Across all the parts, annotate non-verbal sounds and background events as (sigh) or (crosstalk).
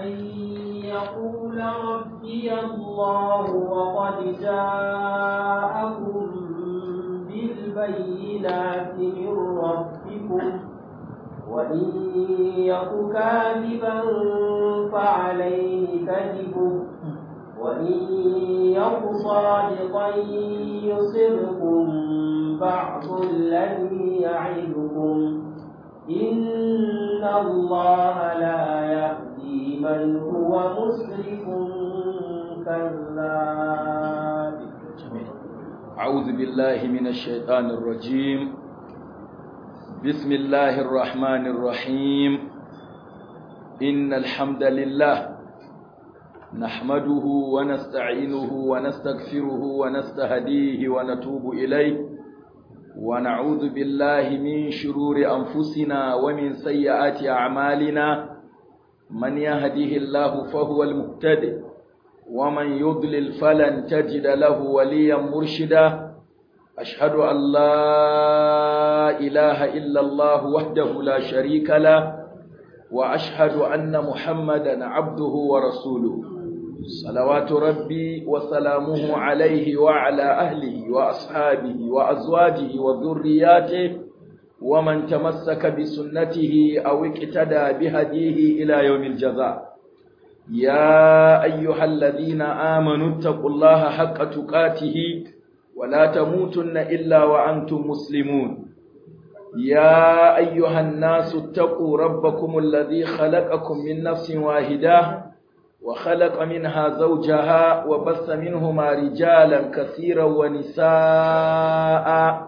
أن يقول ربي الله وقد جاءكم بالبينات من ربكم وإن يك كاذبا فعليه كذبه وإن يك صادقا يصبكم بعض الذي يعدكم إن الله لا يأمر بل هو مسرف كذاب أعوذ بالله من الشيطان الرجيم بسم الله الرحمن الرحيم إن الحمد لله نحمده ونستعينه ونستغفره ونستهديه ونتوب إليه ونعوذ بالله من شرور أنفسنا ومن سيئات أعمالنا من يهديه الله فهو المهتدي ومن يضلل فلن تجد له وليا مرشدا أشهد أن لا إله إلا الله وحده لا شريك له وأشهد أن محمدا عبده ورسوله صلوات ربي وسلامه عليه وعلى أهله وأصحابه وأزواجه وذرياته ومن تمسك بسنته أو اقتدى بهديه إلى يوم الجزاء يا أيها الذين آمنوا اتقوا الله حق تقاته ولا تموتن إلا وأنتم مسلمون يا أيها الناس اتقوا ربكم الذي خلقكم من نفس واحدة وخلق منها زوجها وبث منهما رجالا كثيرا ونساء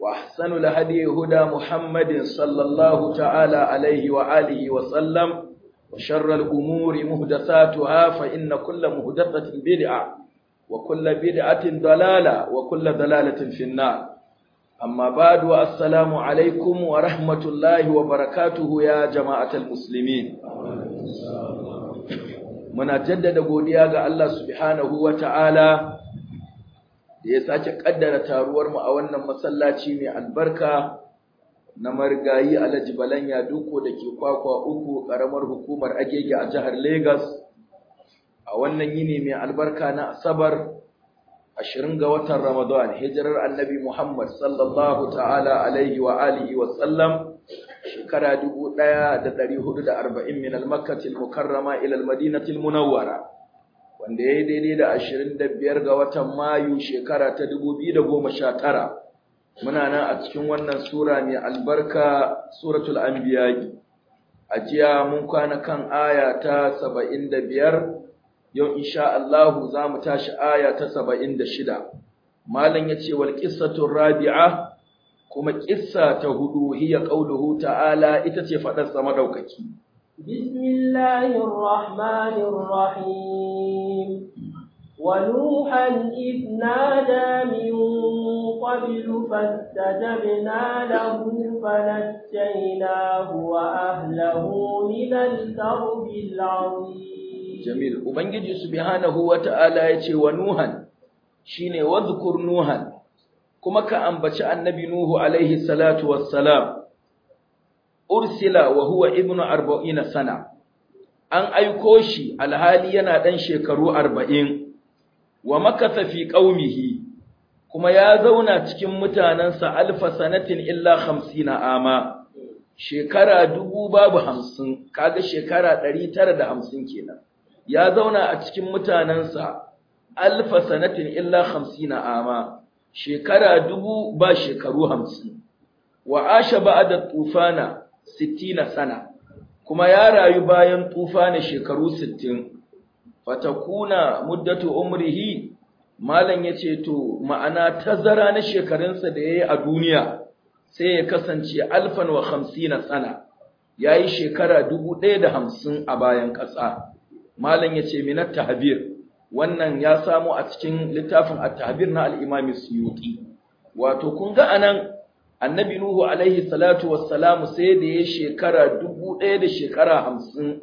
وأحسن الهدي هدى محمد صلى الله تعالى عليه وآله وسلم وشر الأمور مهدثاتها فإن كل مهدثة بدعة وكل بدعة ضلالة وكل ضلالة في النار أما بعد والسلام عليكم ورحمة الله وبركاته يا جماعة المسلمين muna jaddada godiya ga Allah subhanahu wa ta'ala da ya sake kaddara taruwar mu a wannan masallaci mai albarka na marigayi Alhaji Balanya Duko da ke kwakwa uku karamar hukumar Agege a jihar Lagos a wannan yini mai albarka na Asabar shirin ga watan Ramadan hijirar Annabi Muhammad sallallahu ta'ala alaihi wa alihi wa sallam shekara dubu arba'in, min al-Makkah al-Mukarrama ila al-Madinah al-Munawwara wanda ya yi daidai da ashirin da biyar ga watan Mayu shekara ta dubu biyu da goma sha tara. Muna nan a cikin wannan Sura mai albarka Suratul Anbiya'i. A jiya mun kwana kan aya ta saba'in da biyar, yau insha Allahu za mu tashi aya ta saba'in da shida. Malam ya ce wal ƙissatun rabi'a kuma ƙissa ta hudu hiya ƙauluhu ta'ala ita ce faɗarsa maɗaukaki. Bismillahirrahmanirrahim. ونوحا إذ نادى من قبل فاستجبنا له فنجيناه وأهله من الكرب العظيم جميل Ubangiji subhanahu wa ta'ala yace wa Nuhan shine wadhkur Nuhan kuma ka ambaci annabi Nuhu alaihi salatu wassalam ursila wa huwa ibnu 40 sana an aiko shi alhali yana ɗan shekaru arba'in. wa makasafi fi qaumihi kuma ya zauna cikin mutanansa alfa sanatin illa 50 ama shekara dubu babu 50 kaga shekara 950 kenan ya zauna a cikin mutanansa alfa sanatin illa 50 ama shekara dubu ba shekaru 50 wa asha ba'da tufana 60 sana kuma ya rayu bayan tufana shekaru 60 fatakuna muddatu umrihi malam yace to ma'ana tazara na shekarunsa da yayi a duniya sai ya kasance alfan wa khamsina sana yayi shekara hamsin a bayan ƙasa malam yace minat tahbir wannan ya samu a cikin littafin at-tahbir na al-imam suyuti wato kun ga anan annabi nuhu alaihi salatu wassalamu sai da yayi shekara ɗaya da shekara hamsin.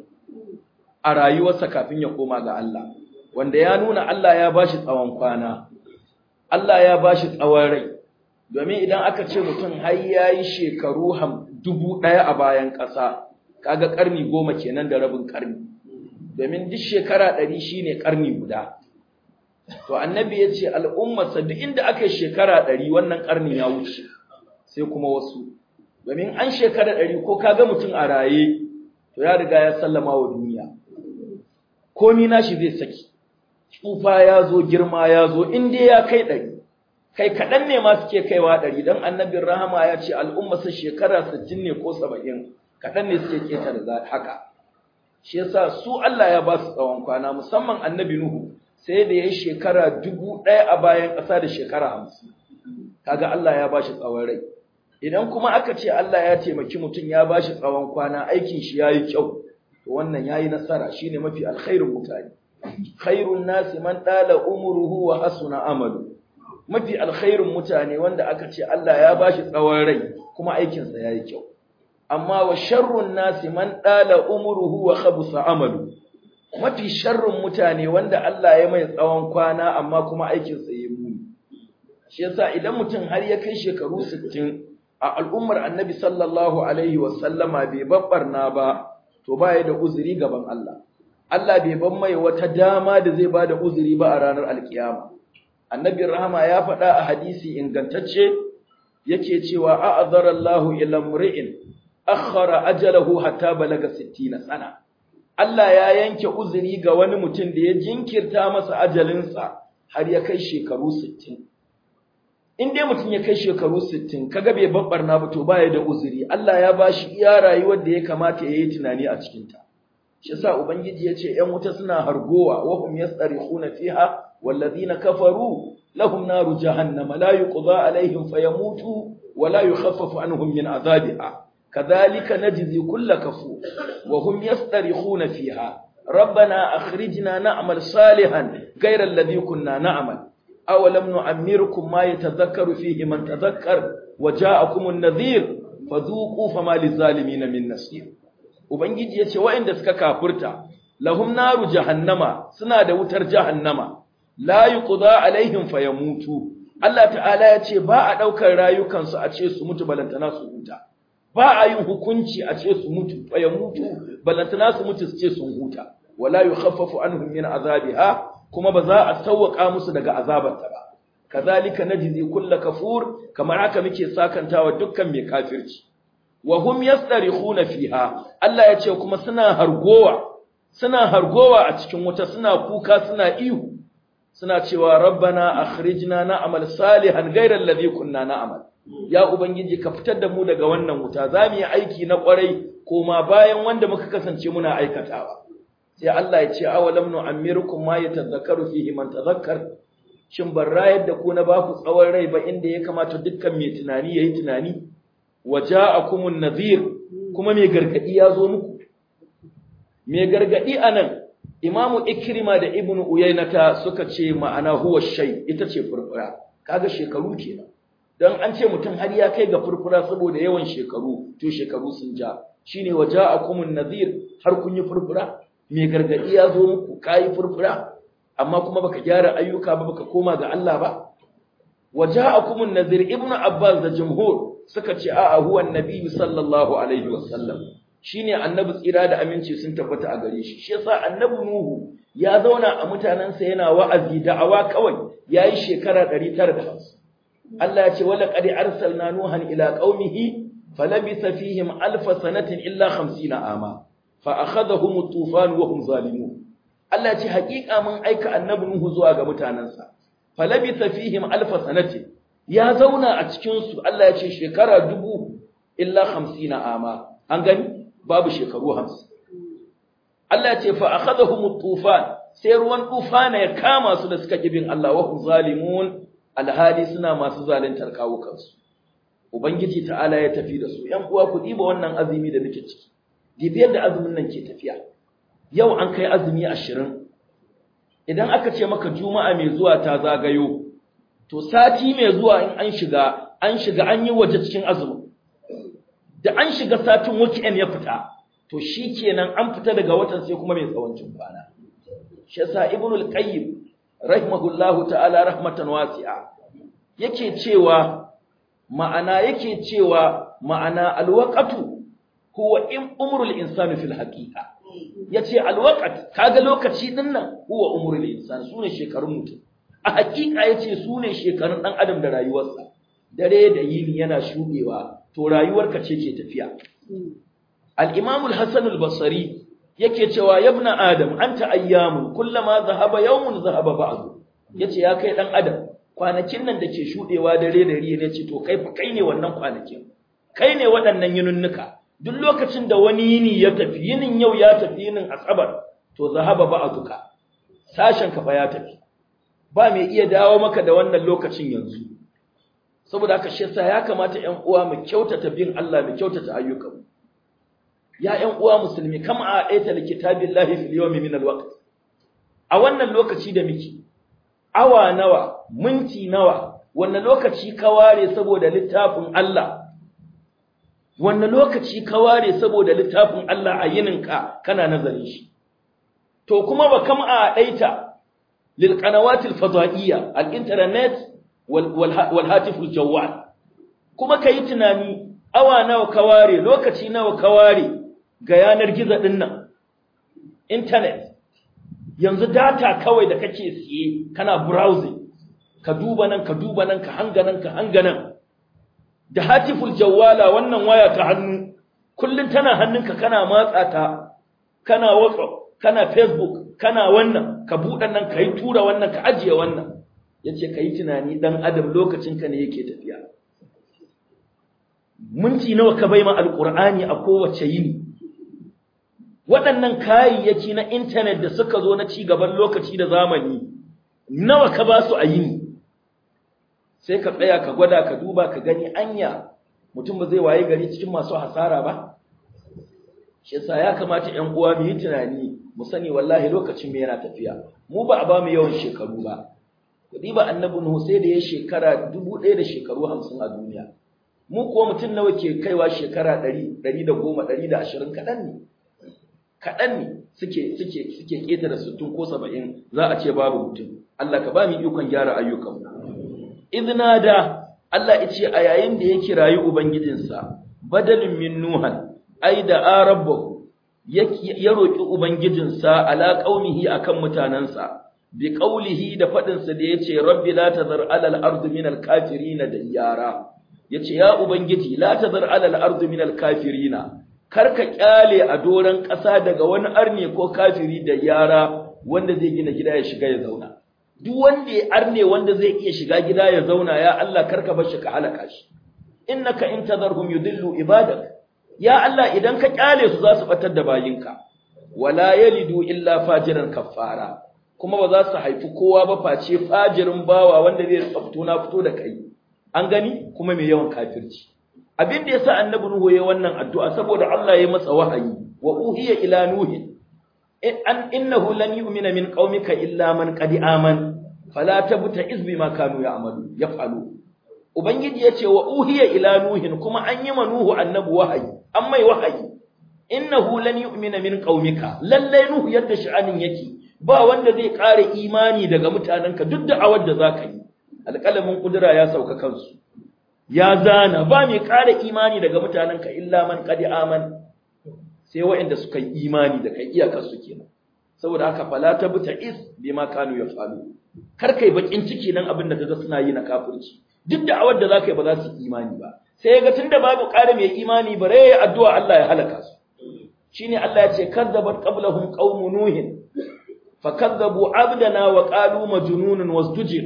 a rayuwarsa kafin ya koma ga Allah wanda ya nuna Allah ya bashi tsawon kwana Allah ya bashi tsawon rai domin idan aka ce mutum har yayi shekaru dubu a bayan ƙasa kaga karni goma kenan da rabin ƙarni domin duk shekara ɗari shine karni guda to annabi ya ce al'ummarsa duk inda aka shekara ɗari wannan ƙarni ya wuce sai kuma wasu domin an shekara ɗari ko kaga mutum a raye to ya riga ya sallama wa duniya komi nashi zai saki tsufa ya zo girma ya zo in ya kai ɗari kai kaɗan ne ma suke kaiwa ɗari don annabin rahama ya ce al'umma sun shekara sittin ne ko saba'in kaɗan ne suke da haka shi yasa su Allah ya ba su tsawon kwana musamman annabi Nuhu sai da ya yi shekara dubu ɗaya a bayan ƙasa da shekara hamsin kaga Allah ya ba shi tsawon rai idan kuma aka ce Allah ya taimaki mutum ya ba shi tsawon kwana aikin shi ya yi kyau to wannan yayi nasara shine mafi alkhairin mutane khairun nasi man dala umruhu wa hasuna amalu mafi alkhairin mutane wanda aka ce Allah ya bashi tsawon rai kuma aikin sa yayi kyau amma wa sharrun nasi man dala umruhu wa khabusa amalu mafi sharrin mutane wanda Allah ya mai tsawon kwana amma kuma aikin sa yayi muni shi yasa idan mutum har ya kai shekaru 60 a al'ummar Annabi sallallahu alaihi wasallama bai babbarna ba to ba ya da uzuri gaban Allah Allah bai ban mai wata dama da zai ba da uzuri ba a ranar alkiyama annabi rahama ya faɗa a hadisi ingantacce yake cewa a'adhara Allahu ila mri'in akhara ajalahu hatta balaga 60 sana Allah ya yanke uzuri ga wani mutum da ya jinkirta masa ajalinsa har ya kai shekaru 60 in dai mutum ya kai shekaru 60 kaga bai babbarna ba to baya da uzuri Allah ya bashi iya rayuwar da ya kamata yayi tunani a cikin ta shi yasa ubangiji ya ce ƴan wuta suna hargowa wa hum yastarihuna fiha wallazina kafaru lahum naru jahannama la yuqda alaihim fayamutu wa la yukhaffafu anhum min azabiha kadhalika najzi kull kafur wa hum yastarihuna fiha ربنا أخرجنا نعمل صالحا غير الذي كنا نعمل awalam nu'ammirkum ma yatadhakkaru fihi man tadhakkar wa ja'akum an-nadhir fadhuqu fama lizzalimin min nasir ubangiji yace wa'inda suka kafurta lahum naru jahannama suna da wutar jahannama la yuqda alaihim fayamutu Allah ta'ala yace ba a ɗaukar rayukansu a ce su mutu balantana su huta ba a yin hukunci a ce su mutu fayamutu balantana su mutu su ce sun huta wala an anhum azabi ha? kuma ba za a sauwaka musu daga azabarta ba kazalika najzi kullu kafur kamar haka muke sakantawa dukkan mai kafirci wa hum yastarikhuna fiha Allah ya ce kuma suna hargowa suna hargowa a cikin wuta suna kuka suna ihu suna cewa rabbana akhrijna na'mal salihan ghayra alladhi kunna na'mal ya ubangiji ka fitar da mu daga wannan wuta zamu yi aiki na kwarai koma bayan wanda muka kasance muna aikatawa sai Allah ya ce awalam nu amirukum ma yatadhakkaru fihi man tadhakkar shin ban rayar da ku na ba ku tsawon rai ba inda ya kamata dukkan mai tunani yayi tunani waja'akumun nadhir kuma mai gargadi ya zo muku mai gargadi anan imamu ikrima da ibnu uyainata suka ce ma'ana huwa shay ita ce furfura kaga shekaru kenan dan an ce mutum har ya kai ga furfura saboda yawan shekaru to shekaru sun ja shine waja'akumun nadhir har kun yi furfura mai gargadi ya zo muku kayi furfura amma kuma baka gyara ayyuka ba baka koma ga Allah ba وجاءكم Nazir Ibn Abbas da jumhur suka ce a'a huwa Nabiyyu sallallahu alaihi wasallam shine annabi tsira da aminci sun tabbata a gare shi shi yasa annabi nuhu ya zauna a mutanansa yana wa'azi da'awa kawai yayi shekara 950 Allah ya ce wala qad arsalna nuhan ila qaumihi falabisa fihim alf sanatin illa 50 ama fa akhadhahum at-tufan Allah ce haƙiƙa mun aika annabi Nuhu zuwa ga mutanansa Falabi fihim alf sanati ya zauna a cikin Allah ce shekara dubu illa na ama an gani babu shekaru 50 Allah ce fa akhadhahum sai ruwan tufana ya kama su da suka kibin Allah wa zalimun alhali suna masu zaluntar kawukansu ubangiji ta'ala ya tafi da su yan uwa ku diba wannan azumi da muke ciki Dibiyar da azumin nan ke tafiya yau an kai azumi ashirin idan aka ce maka juma'a mai zuwa ta zagayo to sati mai zuwa in an shiga an shiga an yi waje cikin azumin da an shiga satin weekend ya fita to shi kenan an fita daga watan sai kuma mai tsawancin kwana shi yasa ibnul qayyim rahimahullahu ta'ala rahmatan wasi'a yake cewa ma'ana yake cewa ma'ana alwaqatu huwa in umrul insani fil haqiqa yace waqt kaga lokaci din nan huwa umrul insani sune shekarun mutum a haqiqa yace sune shekarun dan adam da rayuwarsa dare da yini yana shubewa to rayuwarka ce ke tafiya al-imam al-hasan al-basri yake cewa yabna adam anta ayyamu kullama zahaba yawmun zahaba ba'du yace ya kai dan adam kwanakin nan da ke shudewa dare da riye ne ce to kai fa kai ne wannan kwanakin kai ne waɗannan yinunnuka duk lokacin da wani yini ya tafi yinin yau ya tafi yinin asabar to zahaba ba a duka. sashen kafa ya tafi ba mai iya dawo maka da wannan lokacin yanzu saboda haka shi yasa ya kamata ƴan uwa mu kyautata bin Allah mu kyautata ayyukan ya ƴan uwa musulmi kama a aita likitabillahi fil yawmi min alwaqt a wannan lokaci da miki awa nawa minti nawa wannan lokaci ka ware saboda littafin Allah wanne lokaci ka ware saboda littafin Allah a yininka kana nazarin shi to kuma ba kam a daita lil qanawatil fadaiya al internet wal hatiful jawwal kuma kai tunani awa nawa ka ware lokaci nawa ka ware ga yanar gizo din nan internet yanzu data kawai da kake siye kana browsing ka duba nan ka duba nan ka hanga nan ka hanga nan da hatiful jawala wannan waya ta hannu kullun tana hannunka kana matsa ta kana WhatsApp kana Facebook kana wannan ka buɗe nan kai tura wannan ka ajiye wannan yace kai tunani dan adam lokacinka ka ne yake tafiya minti nawa ka bai ma alqur'ani a kowace yini waɗannan kayayyaki na internet da suka zo na ci gaban lokaci da zamani nawa ka ba su a yini sai ka tsaya ka gwada ka duba ka gani anya mutum ba zai waye gari cikin masu hasara ba shi sa ya kamata ƴan uwa mu yi tunani mu sani wallahi lokacin mu yana tafiya mu ba a ba mu yawan shekaru ba kudi ba annabi nuhu sai da ya shekara 1000 da shekaru 50 a duniya mu kuwa mutum nawa ke kaiwa shekara 100 da 120 kadan ne kaɗan ne suke suke suke ƙetare sittin ko saba'in za a ce babu mutum Allah ka ba mu ikon gyara ayyukanmu da Allah yace a yayin da ya kirayi ubangijinsa badalin min nuhan ai da arabbahu ya roki ubangijinsa ala qaumihi akan mutanansa bi qaulihi da fadin sa da yace rabbi la tazar ala al-ard min al-kafirin diyara yace ya ubangiji la tazar ala al-ard min al-kafirin karka kyale a doran ƙasa daga wani arne ko kafiri da yara wanda zai gina gida ya shiga ya zauna duk wanda ya arne wanda zai iya shiga gida ya zauna ya Allah karka bar shi ka halaka shi innaka in tadharhum yudillu ibadak ya Allah idan ka kyale su za su batar da bayinka wala yalidu illa fajiran kaffara kuma ba za su haifi kowa ba face fajirin bawa wanda zai tsafto na fito da kai an gani kuma mai yawan kafirci abin da yasa annabi nuhu ya wannan addu'a saboda Allah ya masa wahayi wa uhiya ila nuhin an innahu lan yu'mina min qaumika illa man qad aman fala tabta izbi ma kanu ya'malu yaf'alu ubangiji yace wa uhiya ila nuhin kuma an yi manuhu annabi wahayi an mai wahayi innahu lan yu'mina min qaumika lalle nuhu yadda sha'anin yake ba wanda zai kare imani daga mutananka duk da awar da zaka yi alƙalamin kudura ya sauka kansu ya zana ba mai ƙara imani daga mutanenka illa man qad aman sai waɗanda suka yi imani da kai iyakar su kenan saboda haka fala ta buta is bima kanu yafalu kar kai bakin ciki nan abin da kaga suna yi na kafirci duk da awar da zaka yi ba za su imani ba sai ga tunda babu ƙara mai imani bare ya addu'a Allah ya halaka su shine Allah ya ce kazzabat qablahum qaum nuh fakazzabu abdana wa qalu majnunun wasdujir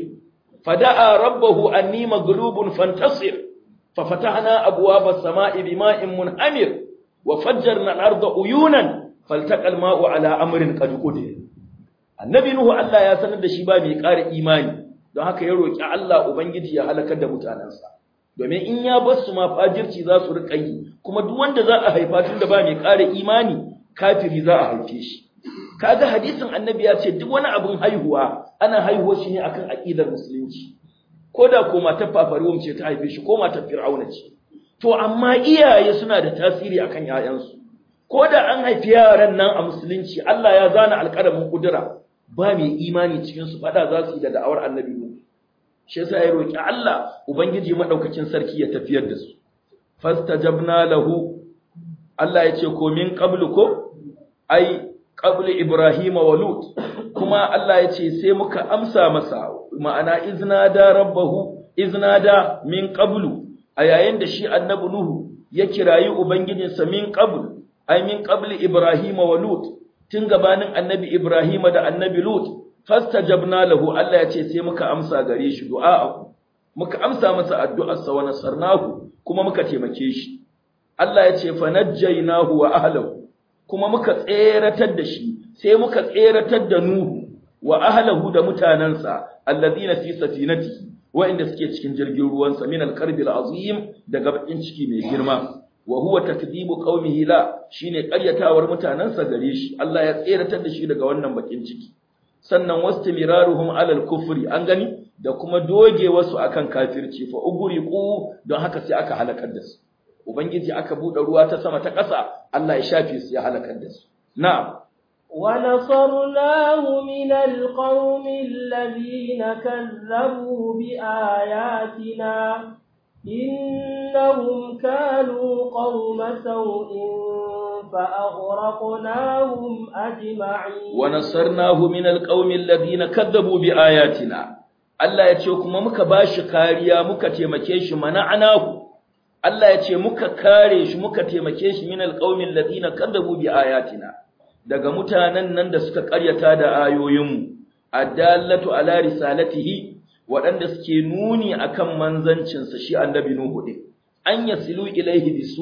fada'a rabbahu anni مغلوب فانتصر ففتحنا أبواب السماء بماء منهمر wa fajjarna al-arda uyunan faltaqal ma'u ala amrin qad qudir annabi nuhu Allah ya sanar da shi ba mai ƙara imani don haka ya roki Allah ubangiji ya halakar da mutanansa domin in ya bar su ma fajirci za su riƙa yi kuma duk wanda za a haifa tun da ba mai ƙara imani kafiri za a haife shi kaga hadisin annabi ya ce duk wani abin haihuwa ana haihuwa shi ne akan aqidar musulunci ko da ko matar fafaruwam ce ta haife shi ko matar fir'auna ce to amma iyaye suna da tasiri akan 'ya'yansu. ko da an haifi yaran nan a musulunci Allah ya zana alƙalamin kudura ba mai imani cikin su faɗa za su yi da da'awar annabi ne. shi yasa ya roki Allah ubangiji maɗaukacin sarki ya tafiyar da su fastajabna lahu Allah ya ce ko min qablu ko ai ƙablu Ibrahim wa lut kuma Allah ya ce sai muka amsa masa ma'ana da rabbahu da min qablu a yayin da shi annabi Nuhu ya kirayi Ubangijinsa min qabl ay min qabl Ibrahim wa Lut tun gabanin annabi Ibrahim da annabi Lut fastajabna lahu Allah ya ce sai muka amsa gare shi du'a'ahu muka amsa masa addu'ar addu'arsa wa nasarnahu kuma muka taimake shi Allah ya ce fa najjaynahu wa ahlahu kuma muka tseratar da shi sai muka tseratar da Nuhu wa ahlahu da mutanansa alladhina fi safinati wa'inda suke cikin jirgin ruwan sa min al-karbil azim daga bakin ciki mai girma wa huwa takdibu qaumihi la shine ƙaryatawar mutanansa gare shi Allah ya tseratar da shi daga wannan bakin ciki sannan wastimiraruhum alal kufri an gani da kuma doge wasu akan kafirci fa ugriqu don haka sai aka halakar da su ubangiji aka bude ruwa ta sama ta ƙasa Allah ya shafe su ya halakar da su na'am ونصرناه من القوم الذين كذبوا بآياتنا إنهم كانوا قوم سوء فأغرقناهم أجمعين ونصرناه من القوم الذين كذبوا بآياتنا Allah ya ce kuma muka ba shi kariya muka taimake shi mana'anahu Allah ya ce muka kare shi muka taimake shi min alqaumil ladina kadzabu bi ayatina daga mutanen nan da suka ƙaryata da ayoyinmu addallatu ala risalatihi waɗanda suke nuni akan manzancinsa shi annabi nuhu din an yasilu ilaihi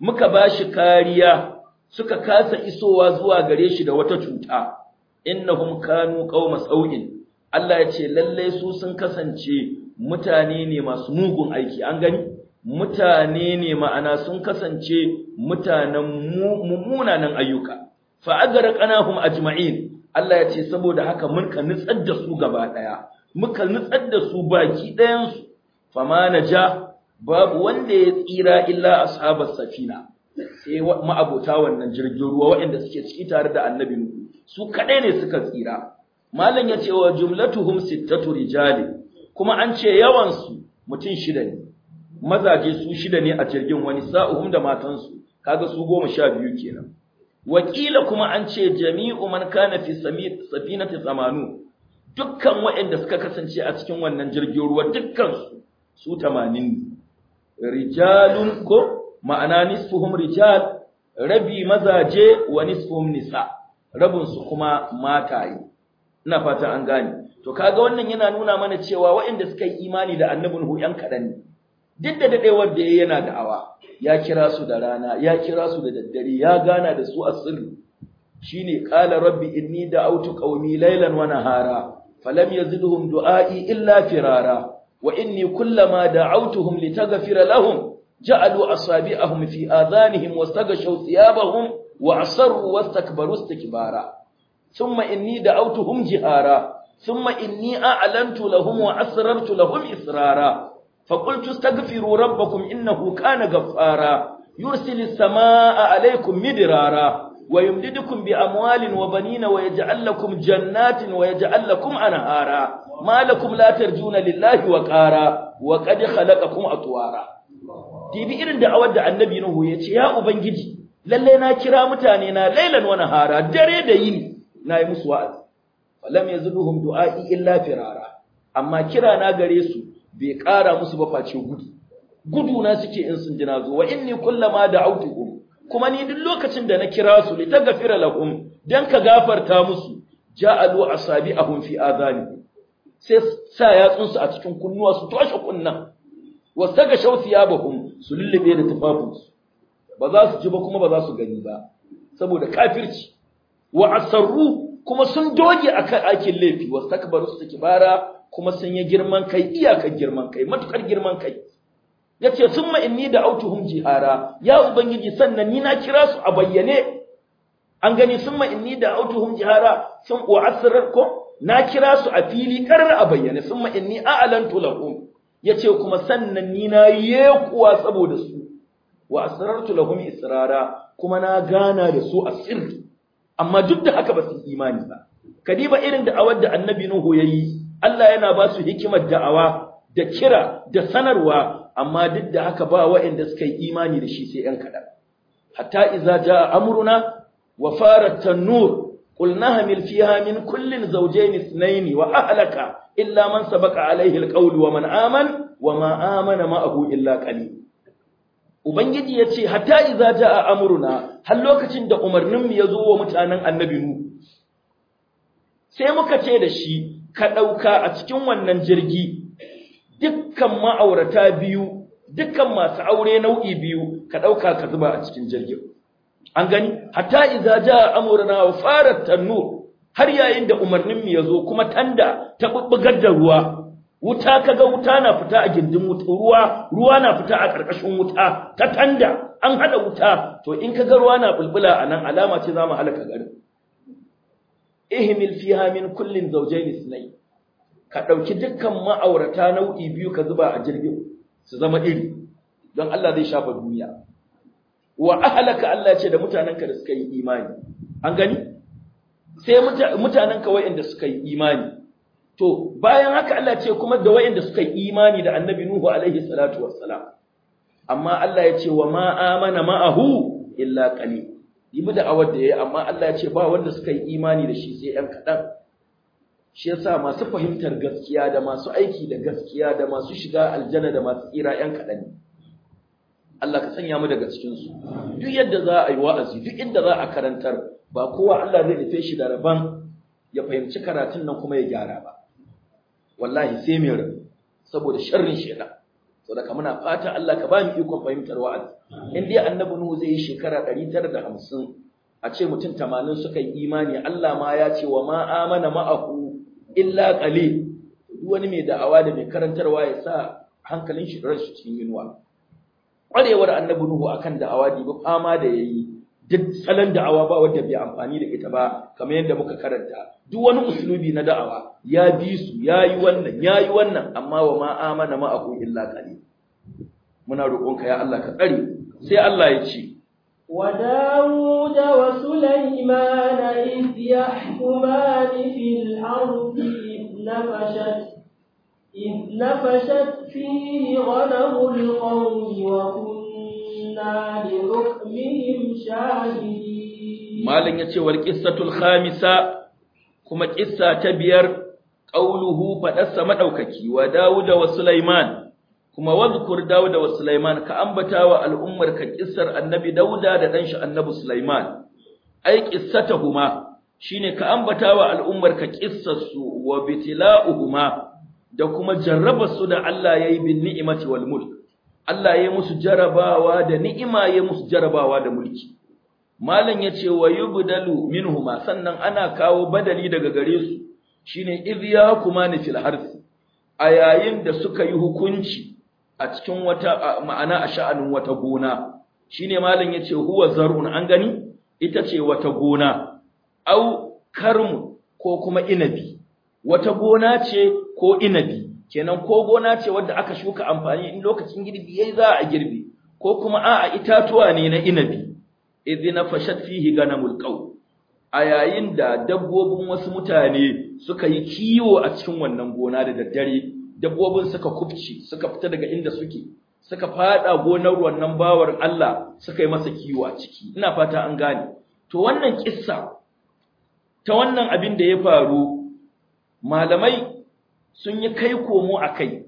muka bashi kariya suka kasa isowa zuwa gare shi da wata cuta innahum kanu qauma sau'in Allah ya ce lallai su sun kasance mutane ne masu mugun aiki an gani mutane ne ma'ana sun kasance mutanen mummunanan ayyuka fa a ajma'in Allah ya ce saboda haka muka nutsar da su gaba daya muka nutsar da su baki dayan su fama naja babu wanda ya tsira illa ashabas safina sai ma'abota wannan jirgin ruwa waɗanda suke ciki tare da annabi nuhu su kadai ne suka tsira malam ya ce wa jumlatuhum sittatu rijali kuma an ce yawan su mutum shida ne mazaje su shida ne a jirgin wani sa'uhum da matansu kaga su goma sha biyu kenan wakila kuma an ce jami'u man kana fi safinati zamanu dukkan waɗanda suka kasance a cikin wannan jirgin ruwa dukkan su su 80 rijalun ko ma'ana nisfuhum rijal rabi mazaje wa nisfuhum nisa rabin su kuma mata yi. ina fata an gane to kaga wannan yana nuna mana cewa waɗanda suka yi imani da annabin hu yan kadan ne duk da dadewar da yayi yana da'awa ya kira su da rana ya kira su da daddare ya gana da su asirru shine qala rabbi inni da'awtu qaumi laylan wa nahara falam yazidhum du'ai illa firara wa inni kullama da'awtuhum litaghfira lahum ja'alu asabi'ahum fi adhanihim wastaghshaw thiyabahum wa asarru wastakbaru istikbara thumma inni da'awtuhum jihara thumma inni a'lantu lahum wa asrartu lahum israra فقلت استغفروا ربكم إنه كان غفارا يرسل السماء عليكم مدرارا ويمددكم بأموال وبنين ويجعل لكم جنات ويجعل لكم أنهارا ما لكم لا ترجون لله وقارا وقد خلقكم أطوارا تبي إرن دعوة دع النبي نهو يا أبنجي للي ناكرا متانينا ليلا ونهارا دري ديني نايم سواد فلم يزدهم دعائي إلا فرارا أما كرانا غريسو bai ƙara musu ba face gudu gudu na suke in sun jina nazo wa inni kullama da'awtuhum kuma ni duk lokacin da na kira su li tagfira lahum dan ka gafarta musu ja'alu asabi'ahum fi adhanihim sai sa yatsun su a cikin kunnuwa su toshe kunnan wasaga shawthiyabahum su lullube da tufafinsu ba za su ji ba kuma ba za su gani ba saboda kafirci wa asarru kuma sun doge akan aikin laifi wasu takbaru su bara. kuma sun yi girman kai iyakar girman kai matukar girman kai yace summa inni da autuhum jihara ya ubangiji sannan ni na kira su a bayyane an gani summa inni da autuhum jihara sun wa asrar ko na kira su a fili karar a bayyane summa inni a'lantu lahum yace kuma sannan ni na yekuwa saboda su wa asrartu lahum israra kuma na gana da su a sirri amma duk da haka ba su imani ba kadiba irin da awar da annabi nuhu yayi Allah yana ba su hikimar da'awa da kira da sanarwa amma duk da haka ba waɗanda suka yi imani da shi sai ‘yan kaɗan. Hatta iza ja amruna wa farat tannur qul nahmil fiha min kullin zawjayn ithnayn wa ahlaka illa man sabaqa alayhi alqawlu wa man aman wa ma amana ma'ahu illa qalil ubangiji yace hatta iza ja amruna har lokacin da umarnin mu yazo wa mutanen annabi mu sai muka ce da shi ka ɗauka a cikin wannan jirgi dukkan ma'aurata biyu dukkan masu aure nau'i biyu ka ɗauka ka zuba a cikin jirgin an gani hatta idza jaa amruna wa farat tannu har yayin da umarnin mu yazo kuma tanda ta bubbugar da ruwa wuta kaga wuta na fita a gindin wuta ruwa ruwa na fita a karkashin wuta ta tanda an hada wuta to in kaga ruwa na bulbula anan alama ce za zamu halaka garin ihmil fiha min kullin zawjayn ithnay ka dauki dukkan ma'aurata nau'i biyu ka zuba a jirgin su zama iri don Allah zai shafa duniya wa ahlaka Allah ce da mutananka da suka yi imani an gani sai mutananka wayanda suka yi imani to bayan haka Allah ce kuma da wayanda suka yi imani da annabi nuhu alaihi salatu wassalam amma Allah ya ce wa ma amana ma'ahu illa qalil yi mu da'awar da yi amma Allah ya ce ba wanda suka yi imani da shi sai ɗan kaɗan shi yasa masu fahimtar gaskiya da masu aiki da gaskiya da masu shiga aljanna da masu tsira 'yan kaɗan ne Allah ka sanya mu daga cikin su duk yadda za a yi wa'azi duk inda za a karantar ba kowa Allah zai nufe shi da rabon ya fahimci karatun nan kuma ya gyara ba wallahi sai mai rabu saboda sharrin shaitan Sau da ka muna fata Allah ka ba mu ikon fahimtar wa'azi in dai annabi nuhu zai yi shekara 950 a ce mutum tamanin suka yi imani Allah ma ya ce wa ma'a mana ma'ahu illa ƙale, wani mai da'awa da mai karantarwa ya sa hankalin shi ran shi cikin yunwa ƙwarewar annabi nuhu akan da'awa dibi fama da yi. duk salon da'awa ba wanda bai amfani da ita ba kamar yadda muka karanta duk wani uslubi na da'awa ya bi su yayi wannan yayi wannan amma wa ma amana ma aku illa qalil muna roƙonka ya Allah ka tsare sai Allah ya ce wa daud wa Sulaiman iz yahkuman fil ardi nafashat Malin ya ce wal ƙistatul khamisa kuma ƙista ta biyar ƙauluhu faɗarsa maɗaukaki wa Dawuda wa Sulaiman kuma wazkur Dawuda wa Sulaiman ka ambata wa al’ummar ka ƙistar annabi Dawuda da ɗanshi annabi Sulaiman. Ai ƙistata huma shi ne ka ambata wa al’ummar ka ƙistarsu wa bitila'u huma da kuma jarraba su da Allah ya yi bin ni'imati wal mulk. Allah ya musu jarabawa da ni'ima ya musu jarabawa da mulki malam yace wa yubdalu minhuma sannan ana kawo badali daga gare su shine idhiya kuma ni fil harsi a yayin da suka yi hukunci a cikin wata ma'ana a sha'anin wata gona shine malam yace huwa zar'un an gani ita ce wata gona au karmu ko kuma inabi wata gona ce ko inabi kenan ko gona ce wadda aka shuka amfani in lokacin girbi yayi za a girbi ko kuma a'a itatuwa ne na inabi idina fashat fihi ganamul qaw a yayin da dabbobin wasu mutane suka yi kiwo a cikin wannan gona da daddare dabbobin suka kufci suka fita daga inda suke suka fada gonar wannan bawar Allah suka yi masa kiwo a ciki ina fata an gane to wannan kissa ta wannan abin da ya faru malamai sun yi kai komo a kai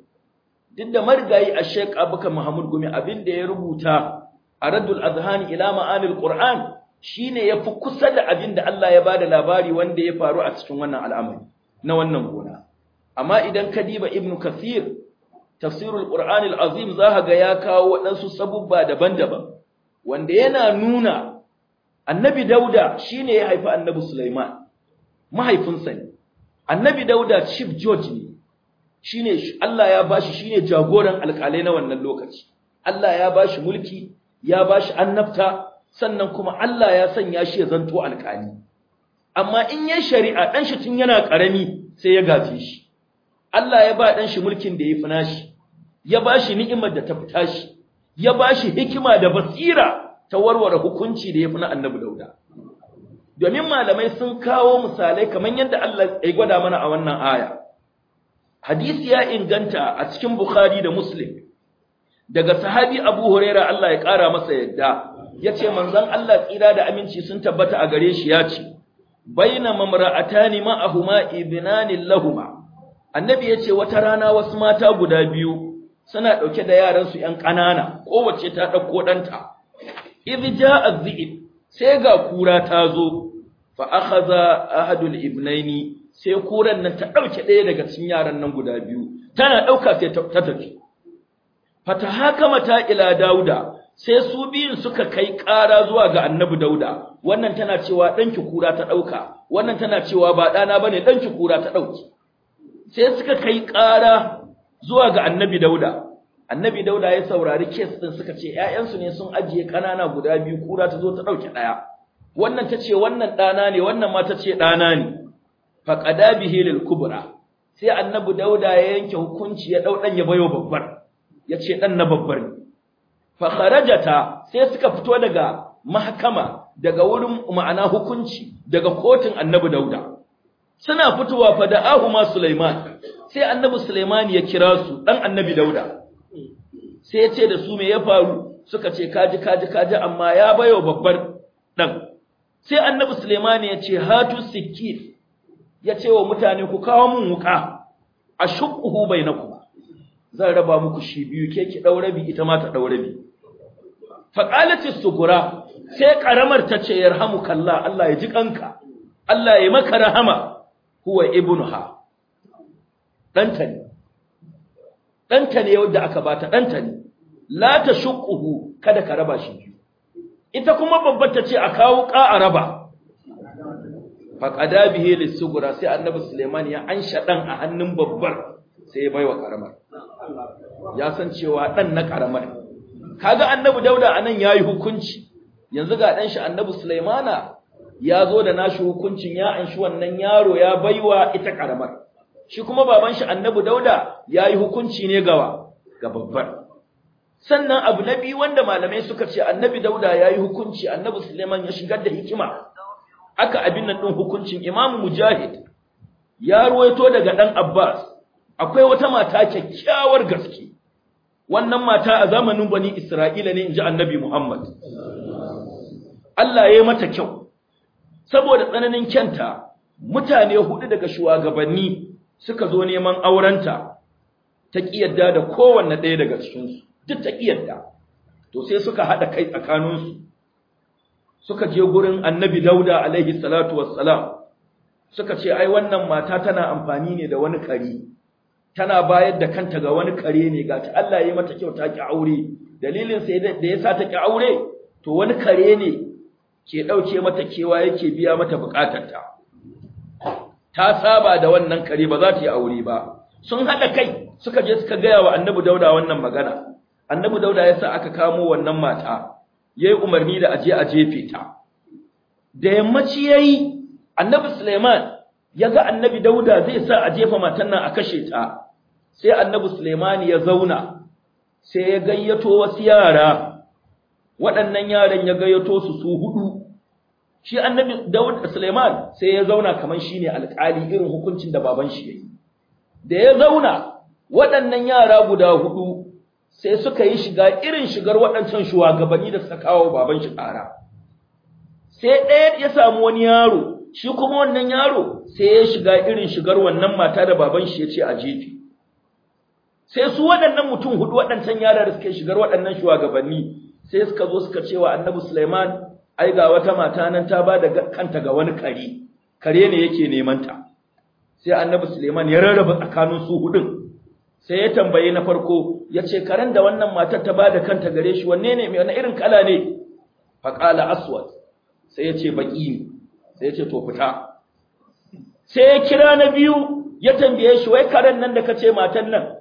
duk da marigayi a sheikh abuka Mahmud gumi abinda ya rubuta a raddul azhan ila ma'anil qur'an shine yafi kusa da abinda Allah ya bada labari wanda ya faru a cikin wannan al'amari na wannan gona amma idan kadiba ibn kathir tafsirul qur'anil azim zaka ga ya kawo wadansu sabubba daban-daban wanda yana nuna annabi dauda shine ya haifi annabi sulaiman mahaifinsa ne annabi dauda chief george ne shine Allah ya bashi shine jagoran alƙalai na wannan lokaci Allah ya bashi mulki ya bashi annabta sannan kuma Allah ya sanya shi ya zanto alƙali amma in ya shari'a dan shi tun yana karami sai ya gafe shi Allah ya ba dan shi mulkin da ya fi nashi ya bashi ni'imar da ta fita shi ya bashi hikima da basira ta warware hukunci da yafi na Annabi Dauda domin malamai sun kawo misalai kamar yadda Allah ya gwada mana a wannan aya hadisi ya inganta a cikin bukhari da muslim daga sahabi abu huraira Allah ya ƙara masa yadda ya ce Allah tsira da aminci sun tabbata a gare shi yace baina mamra'atani ma'ahuma ibnani lahuma annabi ya ce wata rana wasu mata guda biyu suna ɗauke da yaransu ‘yan ƙanana kowace ta ɗauko ɗanta irja azzib sai ga kura ta zo fa akhadha ahadul ibnaini sai kuran nan ta ɗauke ɗaya daga cikin yaran nan guda biyu tana ɗauka sai ta tafi fata haka ta ila dauda sai su biyun suka kai ƙara zuwa ga annabi dauda wannan tana cewa ɗanki kura ta ɗauka wannan tana cewa ba ɗana bane danki ɗanki kura ta dauki sai suka kai ƙara zuwa ga annabi dauda annabi dauda ya saurari kes ɗin suka ce ‘ya'yansu ne sun ajiye ƙanana guda biyu kura ta zo ta ɗauke ɗaya wannan ta ce wannan ɗana ne wannan ma ta ce ɗana ne faqada bihi lil kubra sai annabi dauda ya yanke hukunci ya ɗau ɗan ya bayo babbar ya ce dan na babbar ne fa sai suka fito daga mahkama daga wurin ma'ana hukunci daga kotun annabi dauda suna fitowa fa ma sulaiman sai annabi sulaiman ya kira su dan annabi dauda sai ya ce da su me ya faru suka ce kaji kaji kaji amma ya bayo babbar dan sai annabi sulaiman ya ce hatu sikki ya ce wa mutane ku kawo mun wuka a shukuhu bainakum zan raba muku shi biyu ke ki ɗaure bi ita ma ta daure bi fa qalat Gura sai karamar ta ce yarhamukallah Allah ya ji kanka Allah ya maka rahama huwa ibnuha danta ne danta ne wanda aka bata danta ne la shukuhu kada ka raba shi biyu ita kuma babbar ta ce a kawo ka a raba faqada bihi lisugura sai annabi Suleiman ya ansha dan a hannun babbar sai ya baiwa karamar ya san cewa dan na karamar kaga annabi Dauda anan yayi hukunci yanzu ga dan shi annabi Sulaimana ya zo da nashi hukuncin ya anshi wannan yaro ya baiwa ita karamar shi kuma baban shi annabi Dauda yayi hukunci ne gawa ga babbar sannan abu na biyu wanda malamai suka ce annabi dauda ya yi hukunci annabi suleiman ya shigar da hikima aka abin nan din hukuncin Imam Mujahid ya ruwaito daga dan Abbas akwai wata mata kyakkyawar gaske wannan mata a zamanin Bani Isra'ila ne inji Annabi Muhammad Allah ya yi mata kyau saboda tsananin kyanta mutane hudu daga shugabanni suka zo neman aurenta ta kiyarda da kowanne ɗaya daga cikinsu duk ta kiyarda to sai suka haɗa kai tsakaninsu suka je gurin annabi dauda alaihi salatu wassalam suka ce ai wannan mata tana amfani ne da wani kare tana bayar da kanta ga wani kare ne ga ta Allah ya mata kyauta ki aure dalilin sai da yasa ta ki aure to wani kare ne ke dauke mata kewa yake biya mata bukatarta ta saba da wannan kare ba za ta yi aure ba sun hada kai suka je suka gaya wa annabi dauda wannan magana annabi dauda yasa aka kamo wannan mata ya yi umarni da aje a jefe ta da yammaci ya yi annabi Suleiman ya ga annabi Dauda zai sa a jefa matan nan a kashe ta sai annabi Suleiman ya zauna sai ya gayyato wasu yara waɗannan yaran ya gayyato su su hudu shi annabi dauda Suleiman sai ya zauna kamar shi ne alƙali irin hukuncin da baban shi yi. da ya zauna waɗannan yara guda hudu sai suka yi shiga irin shigar waɗancan shugabanni da suka kawo baban shi ƙara sai ɗaya ya samu wani yaro shi kuma wannan yaro sai ya shiga irin shigar wannan mata da baban shi ya ce a jefi sai su waɗannan mutum hudu waɗancan yara da suka shigar waɗannan shugabanni sai suka zo suka ce wa annabi Sulaiman ai ga wata mata nan ta ba da kanta ga wani kare kare ne yake neman ta sai annabi Sulaiman ya rarraba tsakanin su hudun sai ya tambaye na farko ya ce karen da wannan matar ta bada kanta gare shi wanne ne mai wani irin kala ne faƙala aswad sai ya ce baƙi ne sai ya ce to fita sai ya kira na biyu ya tambaye shi wai karen nan da ka ce matan nan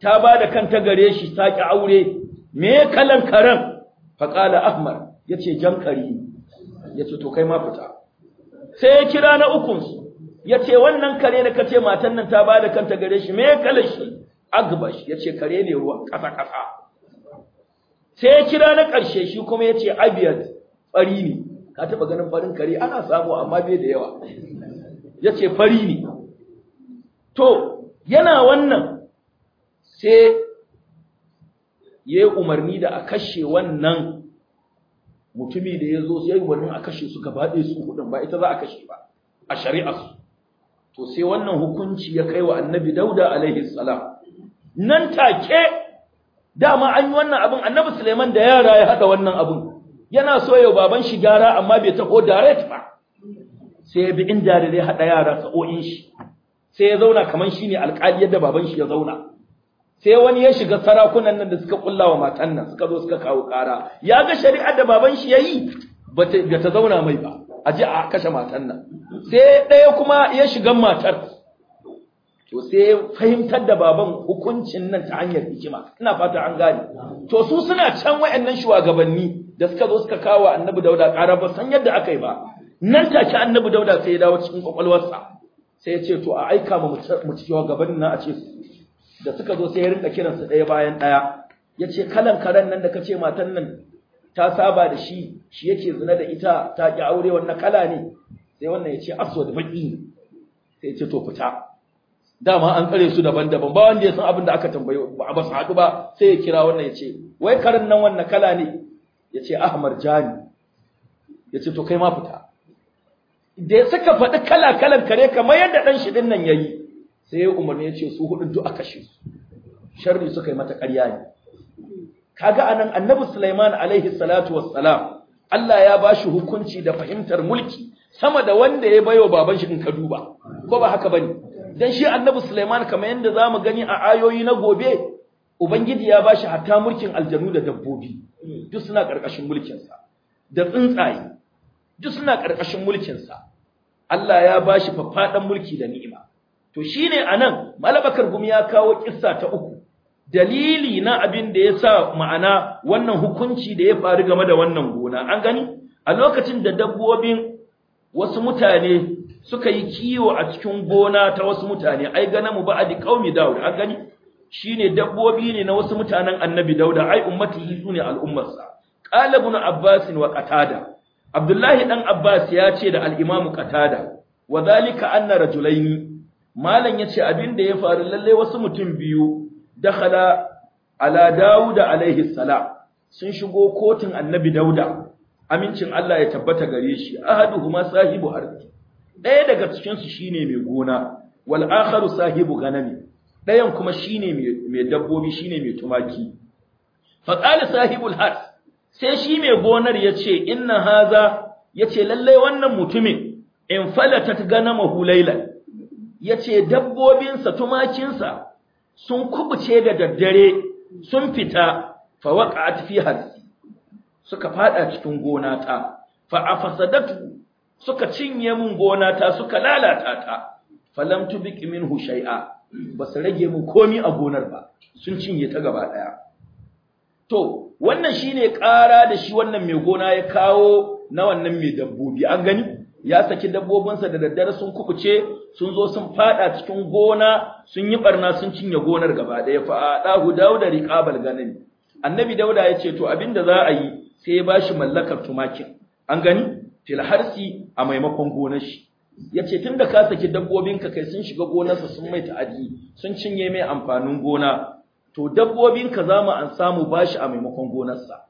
ta bada kanta gare shi ta ƙi aure me kalan karen faƙala ahmar ya ce jan kari ya ce to kai ma fita sai ya kira na ukunsu ya ce wannan kare da ka ce matan nan ta bada kanta gare shi me kalan shi agbash ce kare ne ruwan kasa kasa sai ya kira na karshe shi kuma ya ce abiyad fari ne ka taba ganin farin kare ana samu amma bai da yawa Ya ce fari ne to yana wannan sai yayi umarni da a kashe wannan mutumi da yazo sai umarnin a kashe su gaba ɗaya su hudun ba ita za a kashe ba a shari'ar to sai wannan hukunci ya kai wa annabi dauda alaihi salam nan take dama an yi wannan abin annabi Suleiman da yara ya haɗa wannan abin yana so ya baban shi gyara amma bai taho direct ba sai ya bi inda da yara sa'o'in shi sai ya zauna kaman shine alƙali yadda baban shi ya zauna sai wani ya shiga sarakunan nan da suka wa matan nan suka zo suka kawo ƙara ya ga shari'ar da baban shi yayi bata ta zauna mai ba a a kashe matan nan sai ɗaya kuma ya shiga matar to sai fahimtar da baban hukuncin nan ta hanyar hikima ina fata an gane to su suna can wayannan shugabanni da suka zo suka kawo annabi dauda ƙara ba san yadda aka yi ba nan take annabi dauda sai ya dawo cikin kwakwalwarsa sai ya ce to a aika mu mu ci shugabannin nan a ce da suka zo sai ya rinka su ɗaya bayan ɗaya ya ce kalan karen nan da ka ce matan nan ta saba da shi shi yake zina da ita ta ki aure wannan kala ne sai wannan ya ce aswad baki sai ya ce to fita dama an tsare su daban-daban ba wanda ya san abin da aka tambaye ba a su haɗu ba sai ya kira wannan ya ce wai karin nan wannan kala ne ya ce ahmar jani ya ce to kai ma fita da ya suka faɗi kala-kalan kare kamar yadda ɗan shiɗin nan ya yi sai ya umarni ya ce su huɗun duk aka shi sharri suka yi mata ƙarya ne kaga anan annabi Sulaiman alaihi salatu wassalam Allah ya ba bashi hukunci da fahimtar mulki sama da wanda ya bayo baban shi in ka duba ko ba haka bane dan shi annabi Sulaiman kamar yadda zamu gani a ayoyi na gobe ubangiji ya bashi hatta mulkin aljanu da dabbobi duk suna karkashin mulkin sa da tsuntsaye duk suna karkashin mulkin sa Allah ya bashi faffadan mulki da ni'ima to shine anan malabakar gumi ya kawo kissa ta uku dalili na abin da ya sa ma'ana wannan hukunci da ya faru game da wannan gona an gani a lokacin da dabbobin wasu mutane suka yi kiwo a cikin gona ta wasu mutane ai gana mu ba'adi qaumi daud an gani shine dabbobi ne na wasu mutanen annabi dauda ai ummatihi sune al'ummarsa qala ibn abbas wa qatada abdullahi dan abbas ya ce da al-imam qatada wa dhalika anna ya malan yace abin da ya faru lalle wasu mutum biyu dakhala ala daud alaihi salam sun shigo kotun annabi dauda amincin Allah ya tabbata gare shi ahaduhuma sahibu arzi ɗaya daga cikinsu shine mai gona wal akharu sahibu ganami ɗayan kuma shine mai dabbobi shine mai tumaki fa qala sahibul hars sai shi mai gonar yace inna haza yace lallai wannan mutumin in falata ganama ya yace dabbobinsa tumakinsa sun kubuce da daddare sun fita fa waqa'at fi har suka fada cikin gona ta fa afasadatu suka cinye mun gona ta suka lalata ta falam tubik minhu shay'a basu rage mun komi a gonar ba sun cinye ta gaba daya to wannan shine ƙara da shi wannan mai gona ya kawo na wannan mai dabbobi an gani ya saki dabbobinsa da daddare sun kubuce sun zo sun fada cikin gona sun yi barna sun cinye gonar gaba daya fa dahu dauda riqabal ganin annabi dauda ya ce to abinda za a yi sai ya bashi mallakar tumakin an gani fil harsi a maimakon gonar shi yace tun da ka saki dabbobinka kai sun shiga gonarsa sun mai ta'adi sun cinye mai amfanin gona to dabbobinka zamu an samu bashi a maimakon gonarsa